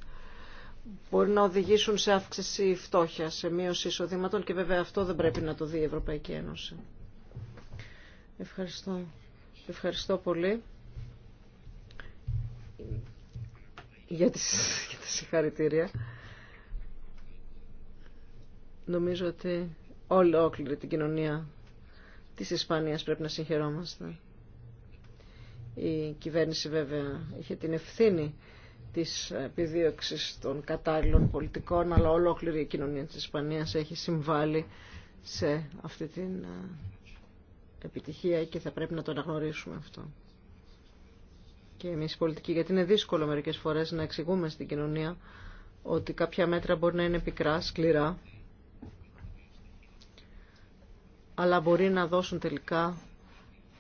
μπορεί να οδηγήσουν σε αύξηση φτώχεια, σε μείωση εισοδήματων και βέβαια αυτό δεν πρέπει να το δει η Ευρωπαϊκή Ένωση. Ευχαριστώ. Ευχαριστώ πολύ για, τις, για συγχαρητήρια. Νομίζω ότι όλη όκληρη την κοινωνία της Ισπανίας πρέπει να συγχαιρόμαστε. Η κυβέρνηση βέβαια είχε την ευθύνη της επιδίωξης των κατάλληλων πολιτικών, αλλά ολόκληρη η κοινωνία της Ισπανίας έχει συμβάλει σε αυτή την ε, επιτυχία και θα πρέπει να το αναγνωρίσουμε αυτό. Και εμείς οι πολιτικοί, γιατί είναι δύσκολο μερικές φορές να εξηγούμε στην κοινωνία ότι κάποια μέτρα μπορεί να είναι πικρά, σκληρά, αλλά μπορεί να δώσουν τελικά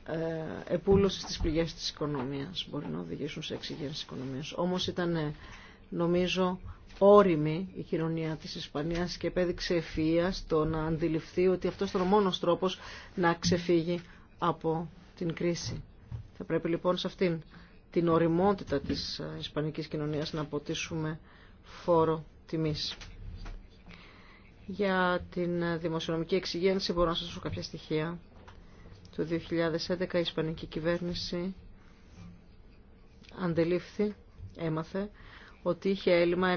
ε, επούλωση στις πληγές της οικονομίας. Μπορεί να οδηγήσουν σε εξηγένσεις οικονομίας. Όμως ήταν, ε, νομίζω, όριμη η κοινωνία της Ισπανίας και επέδειξε ευφυΐα στο να αντιληφθεί ότι αυτός ήταν ο μόνος τρόπος να ξεφύγει από την κρίση. Θα πρέπει λοιπόν σε αυτήν την οριμότητα της ε, ισπανικής κοινωνίας να αποτίσουμε φόρο τιμής. Για την δημοσιονομική εξηγένση μπορώ να σας δώσω κάποια στοιχεία το 2011 η Ισπανική κυβέρνηση αντελήφθη, έμαθε, ότι είχε έλλειμμα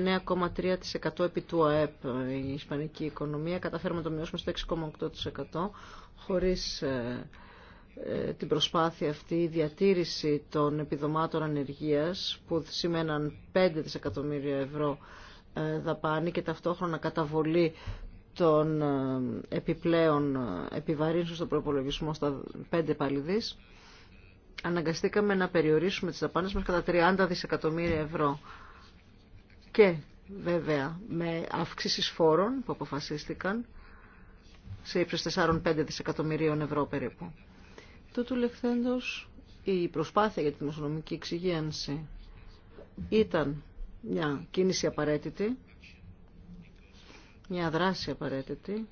9,3% επί του ΑΕΠ η Ισπανική οικονομία. Καταφέραμε να το μειώσουμε στο 6,8% χωρίς ε, ε, την προσπάθεια αυτή, η διατήρηση των επιδομάτων ανεργίας που σημαίναν 5 δισεκατομμύρια ευρώ ε, δαπάνη και ταυτόχρονα καταβολή των ε, επιπλέον ε, επιβαρύνσεων στον προπολογισμό στα 5 παλιδείς, αναγκαστήκαμε να περιορίσουμε τις δαπάνες μας κατά 30 δισεκατομμύρια ευρώ. Και βέβαια με αύξηση φόρων που αποφασίστηκαν σε ύψος 4-5 δισεκατομμυρίων ευρώ περίπου. Τούτου λεχθέντος η προσπάθεια για τη δημοσιονομική εξυγίανση ήταν μια κίνηση απαραίτητη μια δράση απαραίτητη,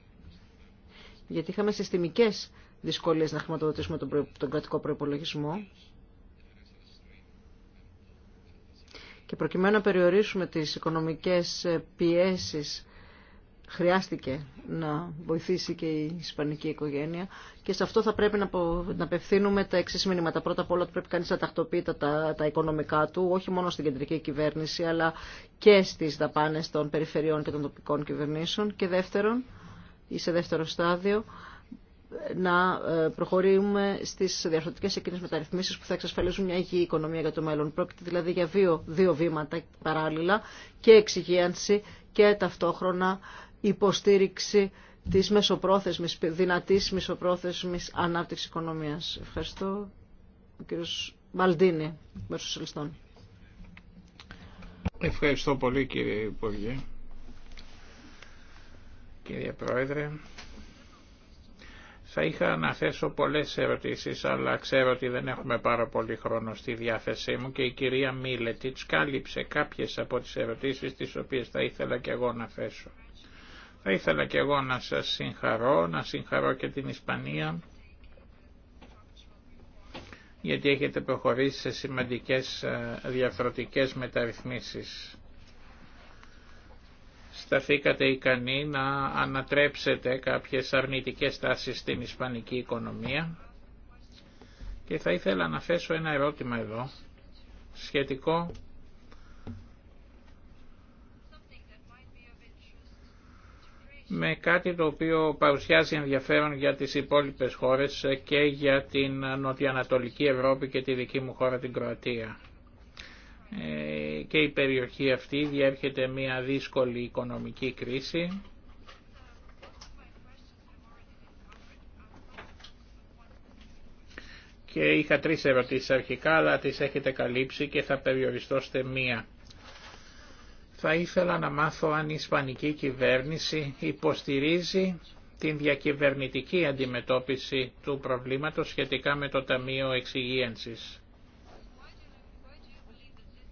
γιατί είχαμε συστημικές δυσκολίες να χρηματοδοτήσουμε τον, τον κρατικό προϋπολογισμό και προκειμένου να περιορίσουμε τις οικονομικές πιέσεις χρειάστηκε να βοηθήσει και η ισπανική οικογένεια και σε αυτό θα πρέπει να απευθύνουμε τα εξή μήνυματα. Πρώτα απ' όλα ότι πρέπει κανείς να τακτοποιεί τα, τα, τα, οικονομικά του, όχι μόνο στην κεντρική κυβέρνηση αλλά και στις δαπάνες των περιφερειών και των τοπικών κυβερνήσεων και δεύτερον ή σε δεύτερο στάδιο να ε, προχωρήσουμε στις διαφορετικέ εκείνες μεταρρυθμίσει που θα εξασφαλίζουν μια υγιή οικονομία για το μέλλον. Πρόκειται δηλαδή για δύο, δύο βήματα παράλληλα και εξυγίανση και ταυτόχρονα υποστήριξη της μεσοπρόθεσμης, δυνατής μεσοπρόθεσμης ανάπτυξης οικονομίας. Ευχαριστώ. Ο κύριος Μαλντίνη, μέρος Ευχαριστώ πολύ κύριε Υπουργέ. Κύριε Πρόεδρε, θα είχα να θέσω πολλές ερωτήσεις, αλλά ξέρω ότι δεν έχουμε πάρα πολύ χρόνο στη διάθεσή μου και η κυρία Μίλετιτς κάλυψε κάποιες από τις ερωτήσεις τις οποίες θα ήθελα και εγώ να θέσω. Θα ήθελα και εγώ να σας συγχαρώ, να συγχαρώ και την Ισπανία, γιατί έχετε προχωρήσει σε σημαντικές ε, διαφορετικές μεταρρυθμίσεις. Σταθήκατε ικανοί να ανατρέψετε κάποιες αρνητικές τάσεις στην ισπανική οικονομία και θα ήθελα να θέσω ένα ερώτημα εδώ σχετικό με κάτι το οποίο παρουσιάζει ενδιαφέρον για τις υπόλοιπες χώρες και για την νοτιοανατολική Ευρώπη και τη δική μου χώρα την Κροατία. Ε, και η περιοχή αυτή διέρχεται μια δύσκολη οικονομική κρίση. Και είχα τρεις ερωτήσεις αρχικά, αλλά τις έχετε καλύψει και θα περιοριστώ μία. Θα ήθελα να μάθω αν η Ισπανική κυβέρνηση υποστηρίζει την διακυβερνητική αντιμετώπιση του προβλήματος σχετικά με το Ταμείο Εξυγίανσης.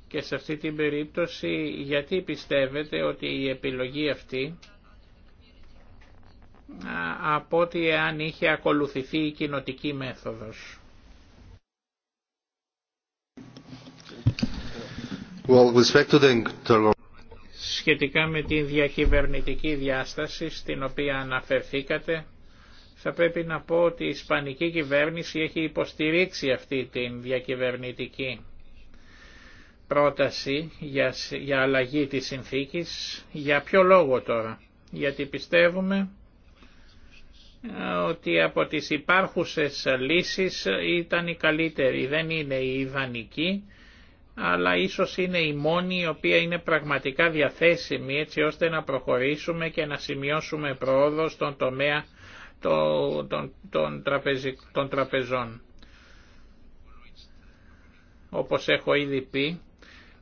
Και σε αυτή την περίπτωση γιατί πιστεύετε ότι η επιλογή αυτή από ότι εάν είχε ακολουθηθεί η κοινοτική μέθοδος. Well, respect to σχετικά με την διακυβερνητική διάσταση στην οποία αναφερθήκατε, θα πρέπει να πω ότι η Ισπανική κυβέρνηση έχει υποστηρίξει αυτή την διακυβερνητική πρόταση για, για αλλαγή της συνθήκης. Για ποιο λόγο τώρα. Γιατί πιστεύουμε ε, ότι από τις υπάρχουσες λύσεις ήταν η καλύτερη, δεν είναι η ιδανική αλλά ίσως είναι η μόνη η οποία είναι πραγματικά διαθέσιμη έτσι ώστε να προχωρήσουμε και να σημειώσουμε πρόοδο στον τομέα των, των, τραπεζών. Όπως έχω ήδη πει,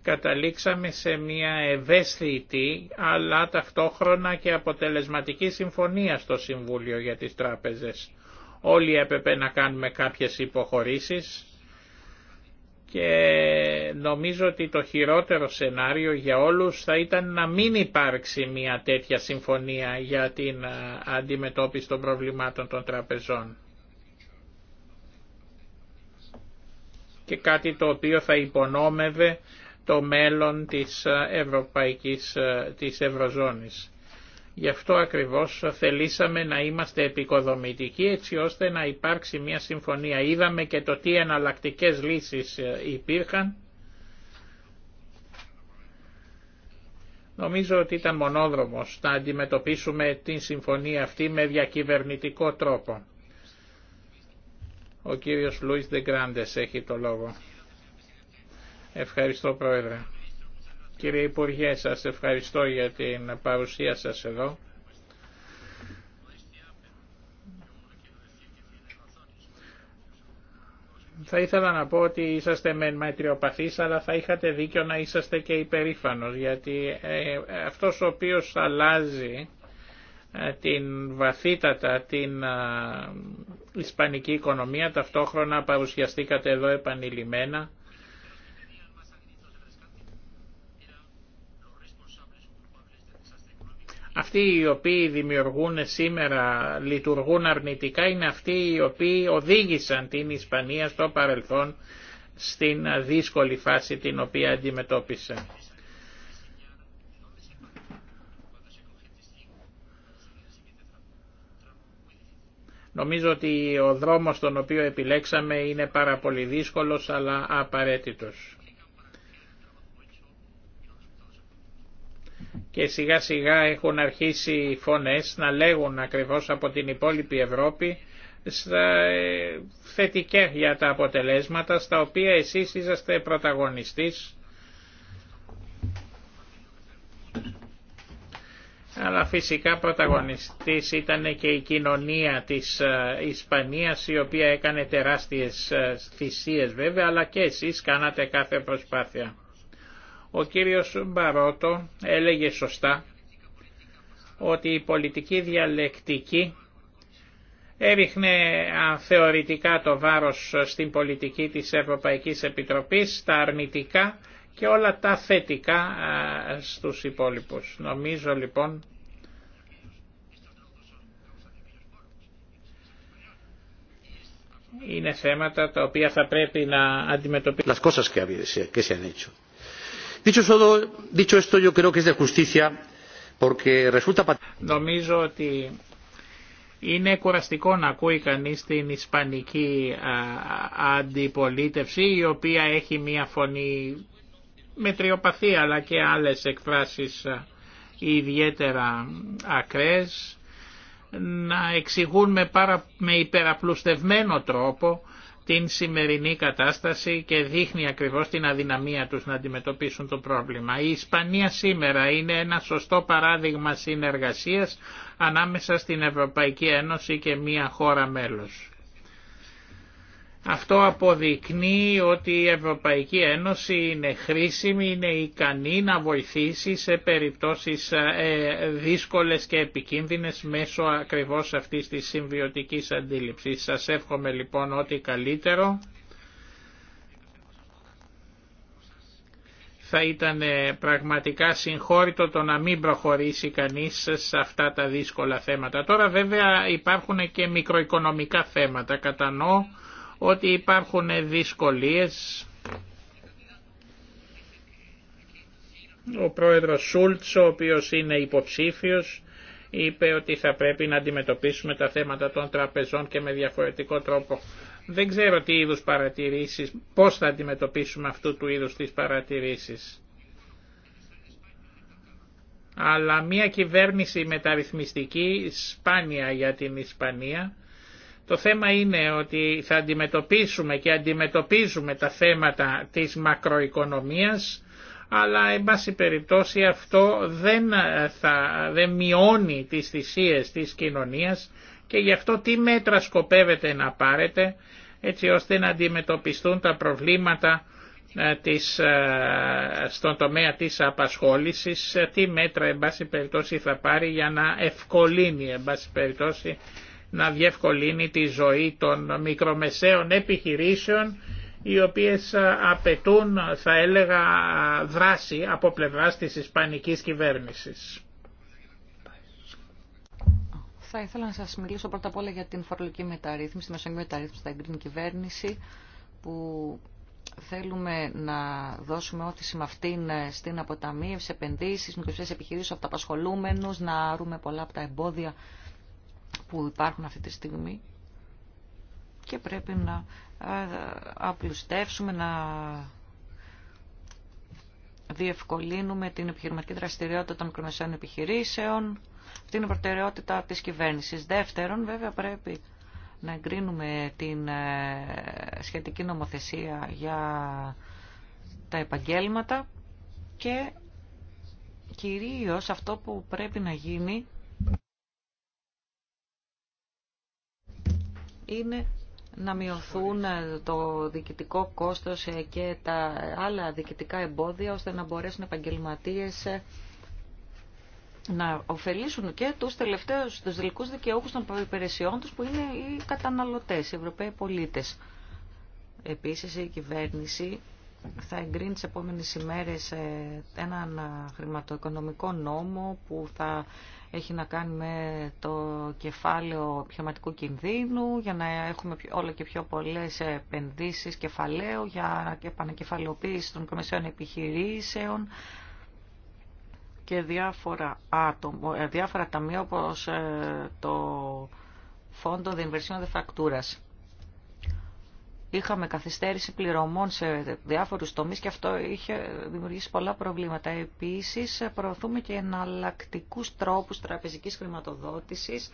καταλήξαμε σε μια ευαίσθητη αλλά ταυτόχρονα και αποτελεσματική συμφωνία στο Συμβούλιο για τις Τράπεζες. Όλοι έπρεπε να κάνουμε κάποιες υποχωρήσεις, και νομίζω ότι το χειρότερο σενάριο για όλους θα ήταν να μην υπάρξει μια τέτοια συμφωνία για την ε, αντιμετώπιση των προβλημάτων των τραπεζών. Και κάτι το οποίο θα υπονόμευε το μέλλον της ε, Ευρωπαϊκής, ε, της Ευρωζώνης. Γι' αυτό ακριβώς θελήσαμε να είμαστε επικοδομητικοί έτσι ώστε να υπάρξει μια συμφωνία. Είδαμε και το τι εναλλακτικέ λύσεις ε, υπήρχαν. Νομίζω ότι ήταν μονόδρομος να αντιμετωπίσουμε την συμφωνία αυτή με διακυβερνητικό τρόπο. Ο κύριος Λούις Δεγκράντες έχει το λόγο. Ευχαριστώ Πρόεδρε. Κύριε Υπουργέ, σας ευχαριστώ για την παρουσία σας εδώ. Θα ήθελα να πω ότι είσαστε μεν μετριοπαθείς, αλλά θα είχατε δίκιο να είσαστε και υπερήφανος, γιατί ε, αυτός ο οποίος αλλάζει ε, την βαθύτατα την ε, ισπανική οικονομία, ταυτόχρονα παρουσιαστήκατε εδώ επανειλημμένα, αυτοί οι οποίοι δημιουργούν σήμερα, λειτουργούν αρνητικά, είναι αυτοί οι οποίοι οδήγησαν την Ισπανία στο παρελθόν στην δύσκολη φάση την οποία αντιμετώπισε. Νομίζω ότι ο δρόμος τον οποίο επιλέξαμε είναι πάρα πολύ δύσκολος αλλά απαραίτητος. και σιγά σιγά έχουν αρχίσει οι φωνές να λέγουν ακριβώς από την υπόλοιπη Ευρώπη στα ε, θετικά για τα αποτελέσματα στα οποία εσείς είσαστε πρωταγωνιστής αλλά φυσικά πρωταγωνιστής ήταν και η κοινωνία της ε, Ισπανίας η οποία έκανε τεράστιες ε, θυσίες βέβαια αλλά και εσείς κάνατε κάθε προσπάθεια. Ο κύριος Μπαρότο έλεγε σωστά ότι η πολιτική διαλεκτική έριχνε θεωρητικά το βάρος στην πολιτική της Ευρωπαϊκής Επιτροπής, τα αρνητικά και όλα τα θετικά στους υπόλοιπους. Νομίζω λοιπόν είναι θέματα τα οποία θα πρέπει να αντιμετωπίσουμε creo que Νομίζω ότι είναι κουραστικό να ακούει κανείς την ισπανική αντιπολίτευση η οποία έχει μία φωνή μετριοπαθή αλλά και άλλες εκφράσεις ιδιαίτερα ακραίες να εξηγούν πάρα, με υπεραπλουστευμένο τρόπο την σημερινή κατάσταση και δείχνει ακριβώς την αδυναμία τους να αντιμετωπίσουν το πρόβλημα. Η Ισπανία σήμερα είναι ένα σωστό παράδειγμα συνεργασίας ανάμεσα στην Ευρωπαϊκή Ένωση και μία χώρα μέλος. Αυτό αποδεικνύει ότι η Ευρωπαϊκή Ένωση είναι χρήσιμη, είναι ικανή να βοηθήσει σε περιπτώσεις ε, δύσκολες και επικίνδυνες μέσω ακριβώς αυτής της συμβιωτικής αντίληψης. Σας εύχομαι λοιπόν ό,τι καλύτερο. θα ήταν ε, πραγματικά συγχώρητο το να μην προχωρήσει κανείς σε αυτά τα δύσκολα θέματα. Τώρα βέβαια υπάρχουν και μικροοικονομικά θέματα. Κατανοώ ότι υπάρχουν δυσκολίες. Ο πρόεδρος Σούλτς, ο οποίος είναι υποψήφιος, είπε ότι θα πρέπει να αντιμετωπίσουμε τα θέματα των τραπεζών και με διαφορετικό τρόπο. Δεν ξέρω τι είδους παρατηρήσεις, πώς θα αντιμετωπίσουμε αυτού του είδους τις παρατηρήσεις. Αλλά μια κυβέρνηση μεταρρυθμιστική σπάνια για την Ισπανία το θέμα είναι ότι θα αντιμετωπίσουμε και αντιμετωπίζουμε τα θέματα της μακροοικονομίας, αλλά εν πάση περιπτώσει αυτό δεν, ε, θα, δεν μειώνει τις θυσίες της κοινωνίας και γι' αυτό τι μέτρα σκοπεύετε να πάρετε έτσι ώστε να αντιμετωπιστούν τα προβλήματα ε, της, ε, στον τομέα της απασχόλησης, τι μέτρα εν πάση περιπτώσει θα πάρει για να ευκολύνει εν πάση περιπτώσει να διευκολύνει τη ζωή των μικρομεσαίων επιχειρήσεων οι οποίες απαιτούν θα έλεγα δράση από πλευράς της ισπανικής κυβέρνησης. Θα ήθελα να σας μιλήσω πρώτα απ' όλα για την φορολογική μεταρρύθμιση, τη μεσογειακή μεταρρύθμιση στην εγκρίνη κυβέρνηση που θέλουμε να δώσουμε όθηση με αυτήν ε, στην αποταμίευση, επενδύσεις, μικροσφαίρες επιχειρήσεις, από απασχολούμενους, να άρουμε πολλά από τα εμπόδια που υπάρχουν αυτή τη στιγμή και πρέπει να ε, απλουστεύσουμε, να διευκολύνουμε την επιχειρηματική δραστηριότητα των μικρομεσαίων επιχειρήσεων. την είναι προτεραιότητα της κυβέρνησης. Δεύτερον, βέβαια, πρέπει να εγκρίνουμε την ε, σχετική νομοθεσία για τα επαγγέλματα και κυρίως αυτό που πρέπει να γίνει είναι να μειωθούν ε, το διοικητικό κόστος ε, και τα άλλα διοικητικά εμπόδια ώστε να μπορέσουν επαγγελματίε ε, να ωφελήσουν και τους τελευταίους, τους δελικούς δικαιούχους των υπηρεσιών τους που είναι οι καταναλωτές, οι Ευρωπαίοι πολίτες. Επίσης η κυβέρνηση θα εγκρίνει τις επόμενες ημέρες ε, έναν ε, χρηματοοικονομικό νόμο που θα έχει να κάνει με το κεφάλαιο πιωματικού κινδύνου για να έχουμε όλο και πιο πολλές επενδύσεις κεφαλαίου για επανακεφαλαιοποίηση των μικρομεσαίων επιχειρήσεων και διάφορα, άτομα, ε, διάφορα ταμεία όπως το Φόντο Διενβερσίων φακτούρας είχαμε καθυστέρηση πληρωμών σε διάφορους τομείς και αυτό είχε δημιουργήσει πολλά προβλήματα. Επίσης, προωθούμε και εναλλακτικούς τρόπους τραπεζικής χρηματοδότησης,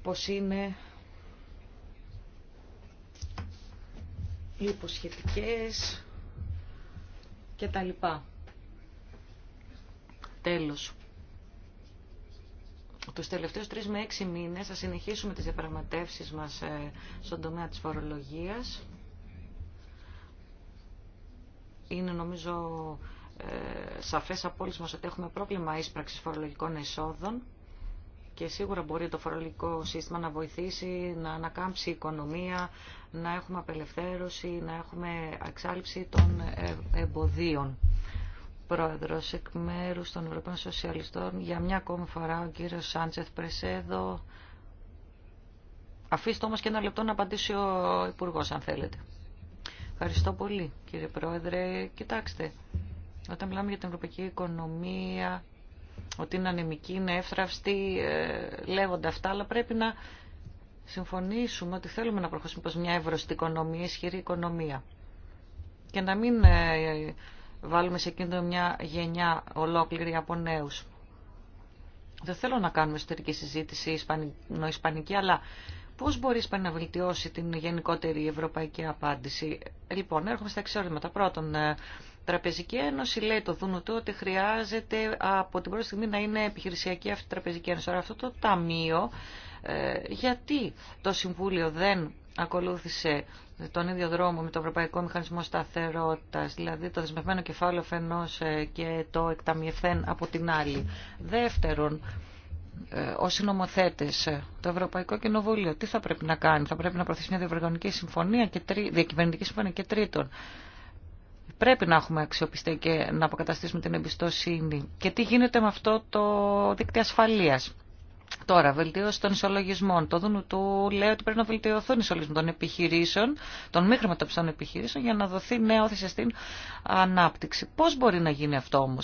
όπως είναι οι υποσχετικές και τα λοιπά. Τέλος τους τελευταίους τρεις με έξι μήνες θα συνεχίσουμε τις διαπραγματεύσεις μας ε, στον τομέα της φορολογίας. Είναι νομίζω ε, σαφές από όλους μας ότι έχουμε πρόβλημα ίσπραξης φορολογικών εισόδων και σίγουρα μπορεί το φορολογικό σύστημα να βοηθήσει να ανακάμψει η οικονομία, να έχουμε απελευθέρωση, να έχουμε εξάλληψη των ε, εμποδίων. Πρόεδρος εκ μέρους των Ευρωπαίων Σοσιαλιστών για μια ακόμη φορά ο κύριος Σάντσεθ Πρεσέδο. Αφήστε όμως και ένα λεπτό να απαντήσει ο Υπουργός αν θέλετε. Ευχαριστώ πολύ κύριε Πρόεδρε. Κοιτάξτε, όταν μιλάμε για την ευρωπαϊκή οικονομία, ότι είναι ανεμική, είναι εύθραυστη, ε, λέγονται αυτά, αλλά πρέπει να συμφωνήσουμε ότι θέλουμε να προχωρήσουμε προς μια ευρωστή οικονομία, ισχυρή οικονομία. Και να μην ε, βάλουμε σε κίνδυνο μια γενιά ολόκληρη από νέου. Δεν θέλω να κάνουμε εσωτερική συζήτηση νοισπανική, αλλά πώ μπορεί η να βελτιώσει την γενικότερη ευρωπαϊκή απάντηση. Λοιπόν, έρχομαι στα εξαιρετικά Πρώτον, ε, Τραπεζική Ένωση λέει το δούνο του ότι χρειάζεται από την πρώτη στιγμή να είναι επιχειρησιακή αυτή η Τραπεζική Ένωση. αυτό το ταμείο, ε, γιατί το Συμβούλιο δεν ακολούθησε τον ίδιο δρόμο με το Ευρωπαϊκό Μηχανισμό Σταθερότητα, δηλαδή το δεσμευμένο κεφάλαιο φενό ε, και το εκταμιευθέν από την άλλη. Δεύτερον, ε, ω συνομοθέτε, ε, το Ευρωπαϊκό Κοινοβούλιο τι θα πρέπει να κάνει, θα πρέπει να προωθήσει μια συμφωνία και τρι... διακυβερνητική συμφωνία και τρίτον. Πρέπει να έχουμε αξιοπιστή και να αποκαταστήσουμε την εμπιστοσύνη. Και τι γίνεται με αυτό το δίκτυο ασφαλείας Τώρα, βελτίωση των ισολογισμών. Το δουν του λέει ότι πρέπει να βελτιωθούν οι ισολογισμοί των επιχειρήσεων, των μη χρηματοπιστών επιχειρήσεων, για να δοθεί νέα όθηση στην ανάπτυξη. Πώ μπορεί να γίνει αυτό όμω,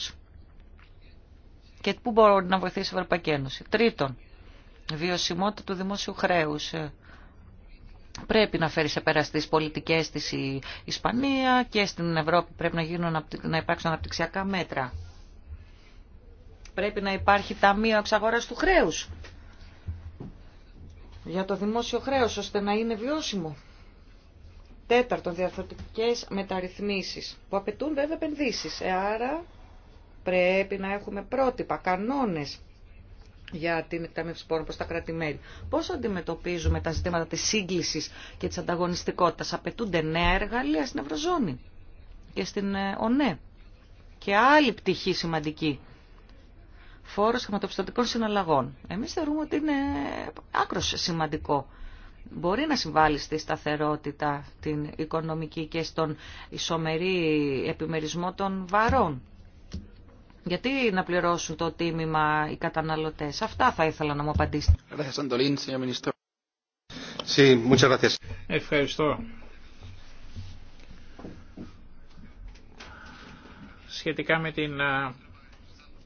και πού μπορεί να βοηθήσει η Ευρωπαϊκή Ένωση. Τρίτον, βιωσιμότητα του δημόσιου χρέου. Πρέπει να φέρει σε πέρα πολιτικές της η Ισπανία και στην Ευρώπη πρέπει να, γίνουν, να υπάρξουν αναπτυξιακά μέτρα πρέπει να υπάρχει ταμείο εξαγοράς του χρέους για το δημόσιο χρέος, ώστε να είναι βιώσιμο. Τέταρτον, διαφορετικές μεταρρυθμίσεις που απαιτούν βέβαια επενδύσεις. Ε, άρα πρέπει να έχουμε πρότυπα, κανόνες για την εκταμείωση πόρων προς τα κράτη-μέλη. Πώς αντιμετωπίζουμε τα ζητήματα της σύγκλησης και της ανταγωνιστικότητας. Απαιτούνται νέα εργαλεία στην Ευρωζώνη και στην ε, ΟΝΕ. Και άλλη πτυχή σημαντική φόρος χρηματοπιστωτικών συναλλαγών. Εμείς θεωρούμε ότι είναι άκρος σημαντικό. Μπορεί να συμβάλλει στη σταθερότητα την οικονομική και στον ισομερή επιμερισμό των βαρών. Γιατί να πληρώσουν το τίμημα οι καταναλωτές. Αυτά θα ήθελα να μου απαντήσετε. Ευχαριστώ. Σχετικά με την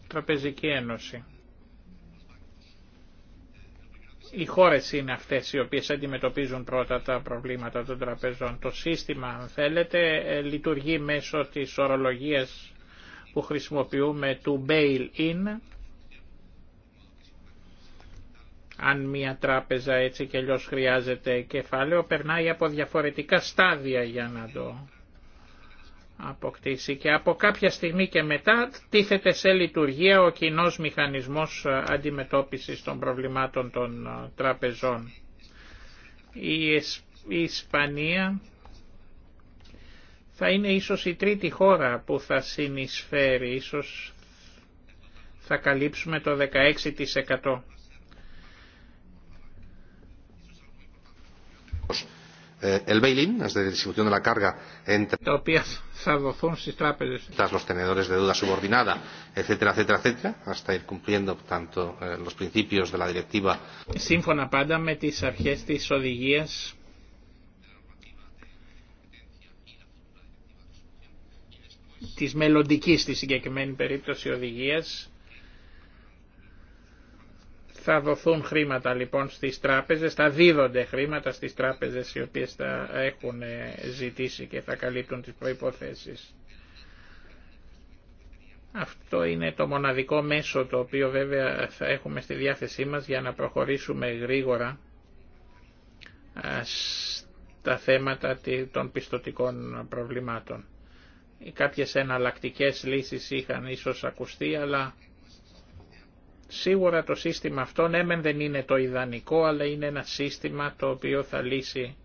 Τραπεζική Ένωση. Οι χώρες είναι αυτές οι οποίες αντιμετωπίζουν πρώτα τα προβλήματα των τραπεζών. Το σύστημα, αν θέλετε, ε, λειτουργεί μέσω της ορολογίας που χρησιμοποιούμε του bail-in, αν μια τράπεζα έτσι και αλλιώς χρειάζεται κεφάλαιο, περνάει από διαφορετικά στάδια για να το αποκτήσει και από κάποια στιγμή και μετά τίθεται σε λειτουργία ο κοινό μηχανισμός ε, αντιμετώπισης των προβλημάτων των ε, τραπεζών. Η, Ισπανία θα είναι ίσως η τρίτη χώρα που θα συνεισφέρει, ίσως θα καλύψουμε το 16% el bail in, es decir, distribución de la carga entre τα los tenedores de deuda subordinada, etcétera, etcétera, etcétera, hasta ir cumpliendo tanto los principios de la directiva. Sinfona pada metis τις odigías. της οδηγίας της συγκεκριμένη περίπτωση οδηγίας θα δοθούν χρήματα λοιπόν στις τράπεζες, θα δίδονται χρήματα στις τράπεζες οι οποίες θα έχουν ε, ζητήσει και θα καλύπτουν τις προϋποθέσεις. Αυτό είναι το μοναδικό μέσο το οποίο βέβαια θα έχουμε στη διάθεσή μας για να προχωρήσουμε γρήγορα ε, στα θέματα των πιστοτικών προβλημάτων. Κάποιες εναλλακτικές λύσεις είχαν ίσως ακουστεί, αλλά Σίγουρα το σύστημα αυτό, ναι μεν δεν είναι το ιδανικό, αλλά είναι ένα σύστημα το οποίο θα λύσει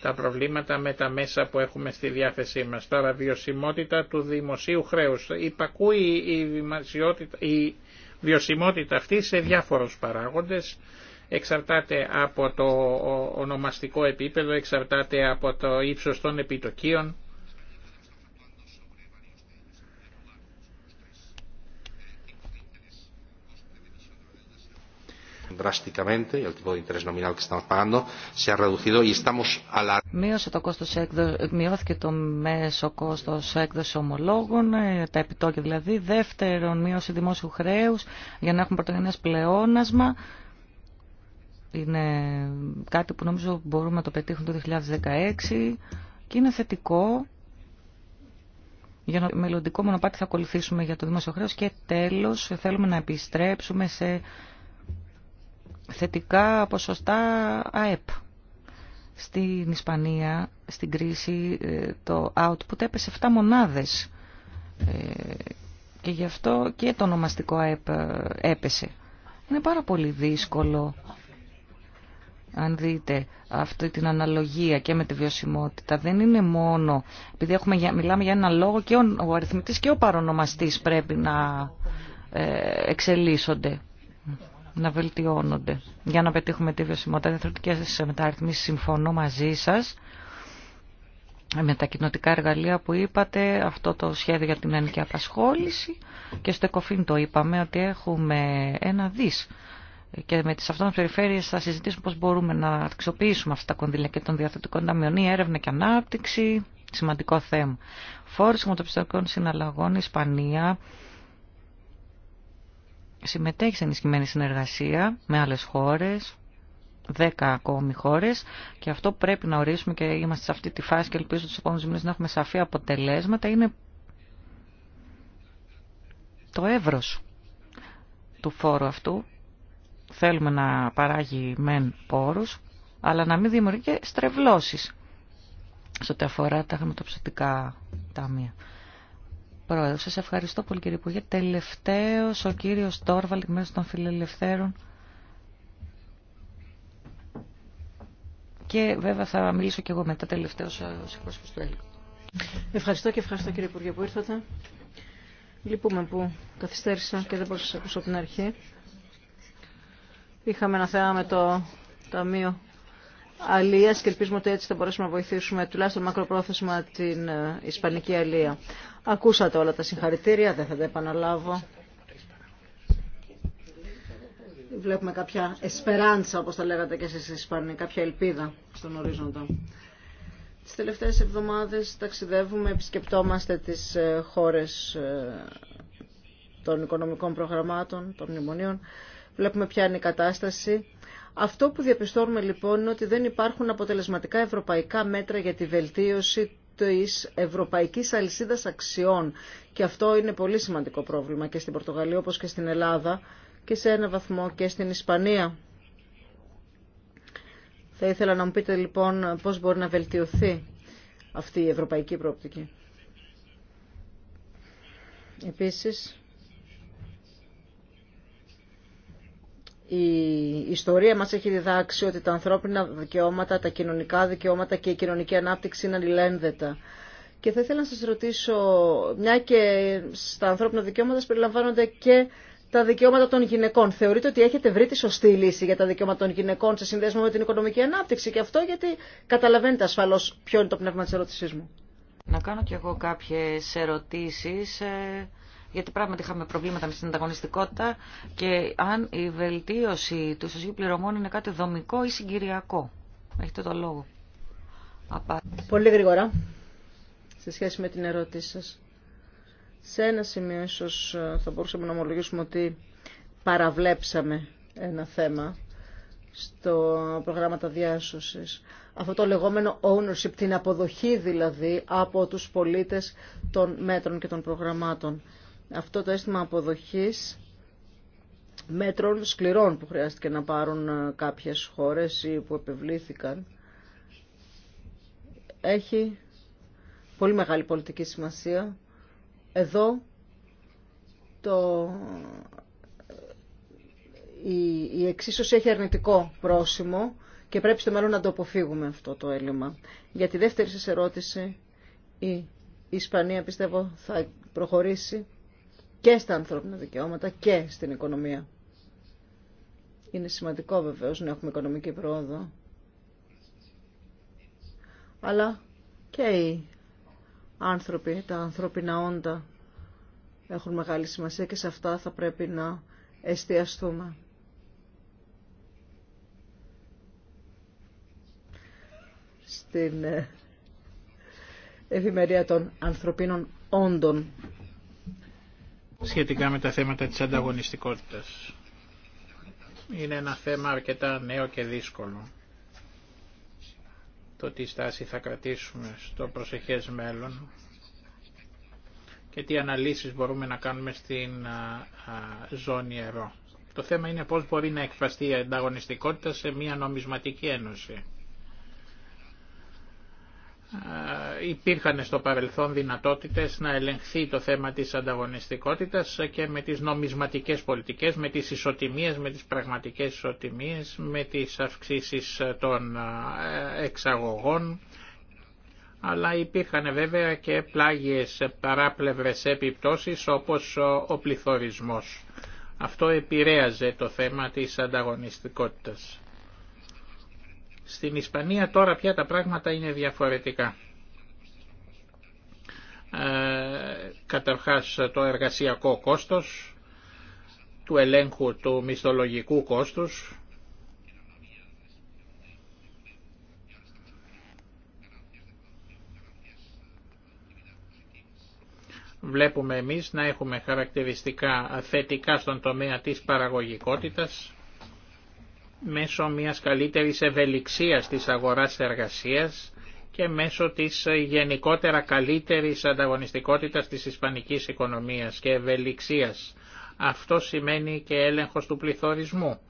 τα προβλήματα με τα μέσα που έχουμε στη διάθεσή μας. Τώρα βιωσιμότητα του δημοσίου χρέους. Υπακούει η, η βιωσιμότητα αυτή σε διάφορους παράγοντες. Εξαρτάται από το ονομαστικό επίπεδο, εξαρτάται από το ύψος των επιτοκίων Μείωσε το κόστος Μειώθηκε το μέσο κόστος έκδοση ομολόγων, ε, τα επιτόκια δηλαδή. Δεύτερον, μείωση δημόσιου χρέους για να έχουμε πρωτογενές πλεόνασμα. Είναι κάτι που νομίζω μπορούμε να το πετύχουμε το 2016 και είναι θετικό για να μελλοντικό μονοπάτι θα ακολουθήσουμε για το δημόσιο χρέος και τέλο θέλουμε να επιστρέψουμε σε θετικά ποσοστά ΑΕΠ. Στην Ισπανία, στην κρίση, ε, το output έπεσε 7 μονάδες ε, και γι' αυτό και το ονομαστικό ΑΕΠ ε, έπεσε. Είναι πάρα πολύ δύσκολο αν δείτε αυτή την αναλογία και με τη βιωσιμότητα, δεν είναι μόνο, επειδή έχουμε, μιλάμε για ένα λόγο και ο, αριθμητής και ο παρονομαστής πρέπει να εξελίσσονται να βελτιώνονται για να πετύχουμε τη βιωσιμότητα. σε μεταρρυθμίσεις συμφωνώ μαζί σας με τα κοινοτικά εργαλεία που είπατε, αυτό το σχέδιο για την ενική απασχόληση και στο ΕΚΟΦΗΝ το είπαμε ότι έχουμε ένα δις και με τις αυτόνε περιφέρειες θα συζητήσουμε πώς μπορούμε να αξιοποιήσουμε αυτά τα κονδύλια και των διαθετικών ταμείων η έρευνα και ανάπτυξη, σημαντικό θέμα. Φόρος χρηματοπιστωτικών συναλλαγών, Ισπανία, συμμετέχει σε ενισχυμένη συνεργασία με άλλες χώρες, δέκα ακόμη χώρε και αυτό πρέπει να ορίσουμε και είμαστε σε αυτή τη φάση και ελπίζω του επόμενους μήνες να έχουμε σαφή αποτελέσματα είναι το εύρος του φόρου αυτού. Θέλουμε να παράγει μεν πόρους, αλλά να μην δημιουργεί και στρεβλώσεις σε ό,τι αφορά τα χρηματοψηφιακά ταμεία. Πρόεδρε, ευχαριστώ πολύ κύριε Υπουργέ. τελευταίο ο κύριο Τόρβαλ, μέσα των φιλελευθέρων. Και βέβαια θα μιλήσω και εγώ μετά τελευταίο ο εκπρόσωπο του ΕΛΚ. Ευχαριστώ και ευχαριστώ κύριε Υπουργέ που ήρθατε. Λυπούμε που καθυστέρησα και δεν μπορούσα να σα ακούσω από την αρχή. Είχαμε ένα θέμα με το Ταμείο αλία και ελπίζουμε ότι έτσι θα μπορέσουμε να βοηθήσουμε τουλάχιστον μακροπρόθεσμα την ε, Ισπανική αλία. Ακούσατε όλα τα συγχαρητήρια, δεν θα τα επαναλάβω. Βλέπουμε κάποια εσπεράντσα, όπως τα λέγατε και εσείς Ισπανοί, κάποια ελπίδα στον ορίζοντα. Τις τελευταίες εβδομάδες ταξιδεύουμε, επισκεπτόμαστε τις ε, χώρες ε, των οικονομικών προγραμμάτων, των μνημονίων. Βλέπουμε ποια είναι η κατάσταση αυτό που διαπιστώνουμε λοιπόν είναι ότι δεν υπάρχουν αποτελεσματικά ευρωπαϊκά μέτρα για τη βελτίωση τη ευρωπαϊκής αλυσίδας αξιών. Και αυτό είναι πολύ σημαντικό πρόβλημα και στην Πορτογαλία όπως και στην Ελλάδα και σε ένα βαθμό και στην Ισπανία. Θα ήθελα να μου πείτε λοιπόν πώς μπορεί να βελτιωθεί αυτή η ευρωπαϊκή προοπτική. Επίσης, η ιστορία μας έχει διδάξει ότι τα ανθρώπινα δικαιώματα, τα κοινωνικά δικαιώματα και η κοινωνική ανάπτυξη είναι αλληλένδετα. Και θα ήθελα να σας ρωτήσω, μια και στα ανθρώπινα δικαιώματα περιλαμβάνονται και τα δικαιώματα των γυναικών. Θεωρείτε ότι έχετε βρει τη σωστή λύση για τα δικαιώματα των γυναικών σε συνδέσμο με την οικονομική ανάπτυξη και αυτό γιατί καταλαβαίνετε ασφαλώς ποιο είναι το πνεύμα της ερώτησής μου. Να κάνω κι εγώ κάποιες ερωτήσεις ε, γιατί πράγματι είχαμε προβλήματα με την ανταγωνιστικότητα και αν η βελτίωση του ισοζύγου πληρωμών είναι κάτι δομικό ή συγκυριακό. Έχετε το λόγο. Πολύ γρήγορα, σε σχέση με την ερώτηση σας. Σε ένα σημείο ίσως ε, θα μπορούσαμε να ομολογήσουμε ότι παραβλέψαμε ένα θέμα στο προγράμματα διάσωσης. Αυτό το λεγόμενο ownership, την αποδοχή δηλαδή από τους πολίτες των μέτρων και των προγραμμάτων αυτό το αίσθημα αποδοχής μέτρων σκληρών που χρειάστηκε να πάρουν ε, κάποιες χώρες ή που επιβλήθηκαν έχει πολύ μεγάλη πολιτική σημασία. Εδώ το... Ε, η, η εξίσωση έχει αρνητικό πρόσημο και πρέπει στο μέλλον να το αποφύγουμε αυτό το έλλειμμα. Για τη δεύτερη σας ερώτηση η Ισπανία πιστεύω θα προχωρήσει και στα ανθρώπινα δικαιώματα και στην οικονομία. Είναι σημαντικό βεβαίω να έχουμε οικονομική πρόοδο. Αλλά και οι άνθρωποι, τα ανθρώπινα όντα έχουν μεγάλη σημασία και σε αυτά θα πρέπει να εστιαστούμε. Στην ευημερία των ανθρωπίνων όντων σχετικά με τα θέματα της ανταγωνιστικότητας. Είναι ένα θέμα αρκετά νέο και δύσκολο. Το τι στάση θα κρατήσουμε στο προσεχές μέλλον και τι αναλύσεις μπορούμε να κάνουμε στην ζώνη ερώ. Το θέμα είναι πώς μπορεί να εκφραστεί η ανταγωνιστικότητα σε μια νομισματική ένωση. Ε, υπήρχαν στο παρελθόν δυνατότητες να ελεγχθεί το θέμα της ανταγωνιστικότητας και με τις νομισματικές πολιτικές, με τις ισοτιμίες, με τις πραγματικές ισοτιμίες, με τις αυξήσεις των ε, εξαγωγών, αλλά υπήρχαν βέβαια και πλάγιες παράπλευρες επιπτώσεις όπως ο πληθωρισμός. Αυτό επηρέαζε το θέμα της ανταγωνιστικότητας. Στην Ισπανία τώρα πια τα πράγματα είναι διαφορετικά. Ε, καταρχάς το εργασιακό κόστος, του ελέγχου του μισθολογικού κόστους, βλέπουμε εμείς να έχουμε χαρακτηριστικά θετικά στον τομέα της παραγωγικότητας μέσω μιας καλύτερης ευελιξίας της αγοράς εργασίας και μέσω της γενικότερα καλύτερης ανταγωνιστικότητας της ισπανικής οικονομίας και ευελιξίας. Αυτό σημαίνει και έλεγχος του πληθωρισμού.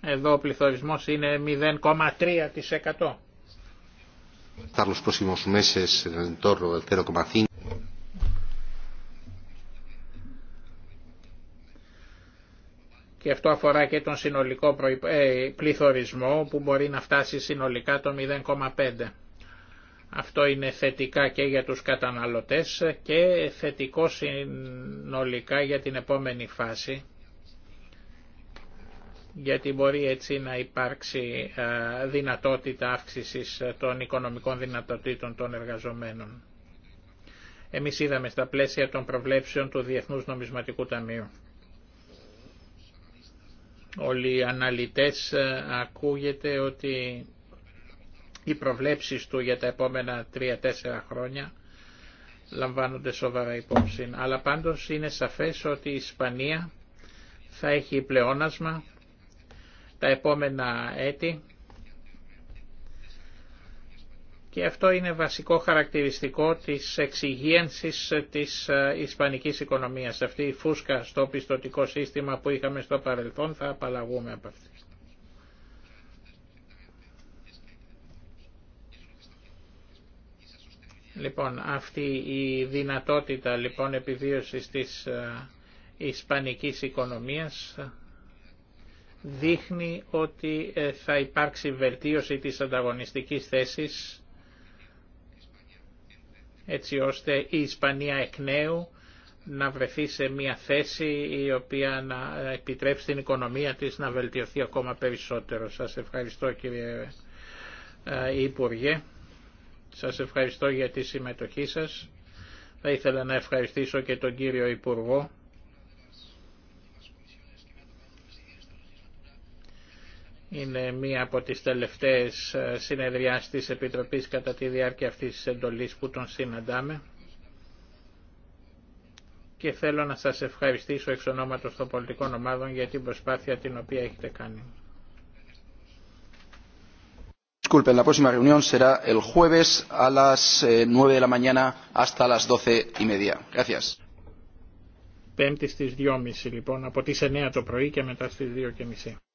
Εδώ ο πληθωρισμός είναι 0,3%. και αυτό αφορά και τον συνολικό ε, πληθωρισμό που μπορεί να φτάσει συνολικά το 0,5. Αυτό είναι θετικά και για τους καταναλωτές και θετικό συνολικά για την επόμενη φάση γιατί μπορεί έτσι να υπάρξει δυνατότητα αύξησης των οικονομικών δυνατοτήτων των εργαζομένων. Εμείς είδαμε στα πλαίσια των προβλέψεων του Διεθνούς Νομισματικού Ταμείου όλοι οι αναλυτές ε, ακούγεται ότι οι προβλέψεις του για τα επόμενα 3-4 χρόνια λαμβάνονται σοβαρά υπόψη. Αλλά πάντως είναι σαφές ότι η Ισπανία θα έχει πλεόνασμα τα επόμενα έτη και αυτό είναι βασικό χαρακτηριστικό της εξυγίανσης της ε, ισπανικής οικονομίας. Αυτή η φούσκα στο πιστοτικό σύστημα που είχαμε στο παρελθόν θα απαλλαγούμε από αυτή. Λοιπόν, αυτή η δυνατότητα λοιπόν επιβίωσης της ε, ισπανικής οικονομίας δείχνει ότι ε, θα υπάρξει βελτίωση της ανταγωνιστικής θέσης έτσι ώστε η Ισπανία εκ νέου να βρεθεί σε μια θέση η οποία να επιτρέψει την οικονομία της να βελτιωθεί ακόμα περισσότερο. Σας ευχαριστώ κύριε ε, Υπουργέ. Σας ευχαριστώ για τη συμμετοχή σας. Θα ήθελα να ευχαριστήσω και τον κύριο Υπουργό Είναι μία από τις τελευταίες ε, συνεδριάσεις της Επιτροπής κατά τη διάρκεια αυτής της εντολής που τον συναντάμε και θέλω να σας ευχαριστήσω εξ ονόματος των πολιτικών ομάδων για την προσπάθεια την οποία έχετε κάνει. Disculpen, la próxima reunión será el jueves a las 9 eh, de la mañana hasta las 12 y media. Gracias. Πέμπτη στις 2.30 λοιπόν, από τις 9 το πρωί και μετά στις 2.30.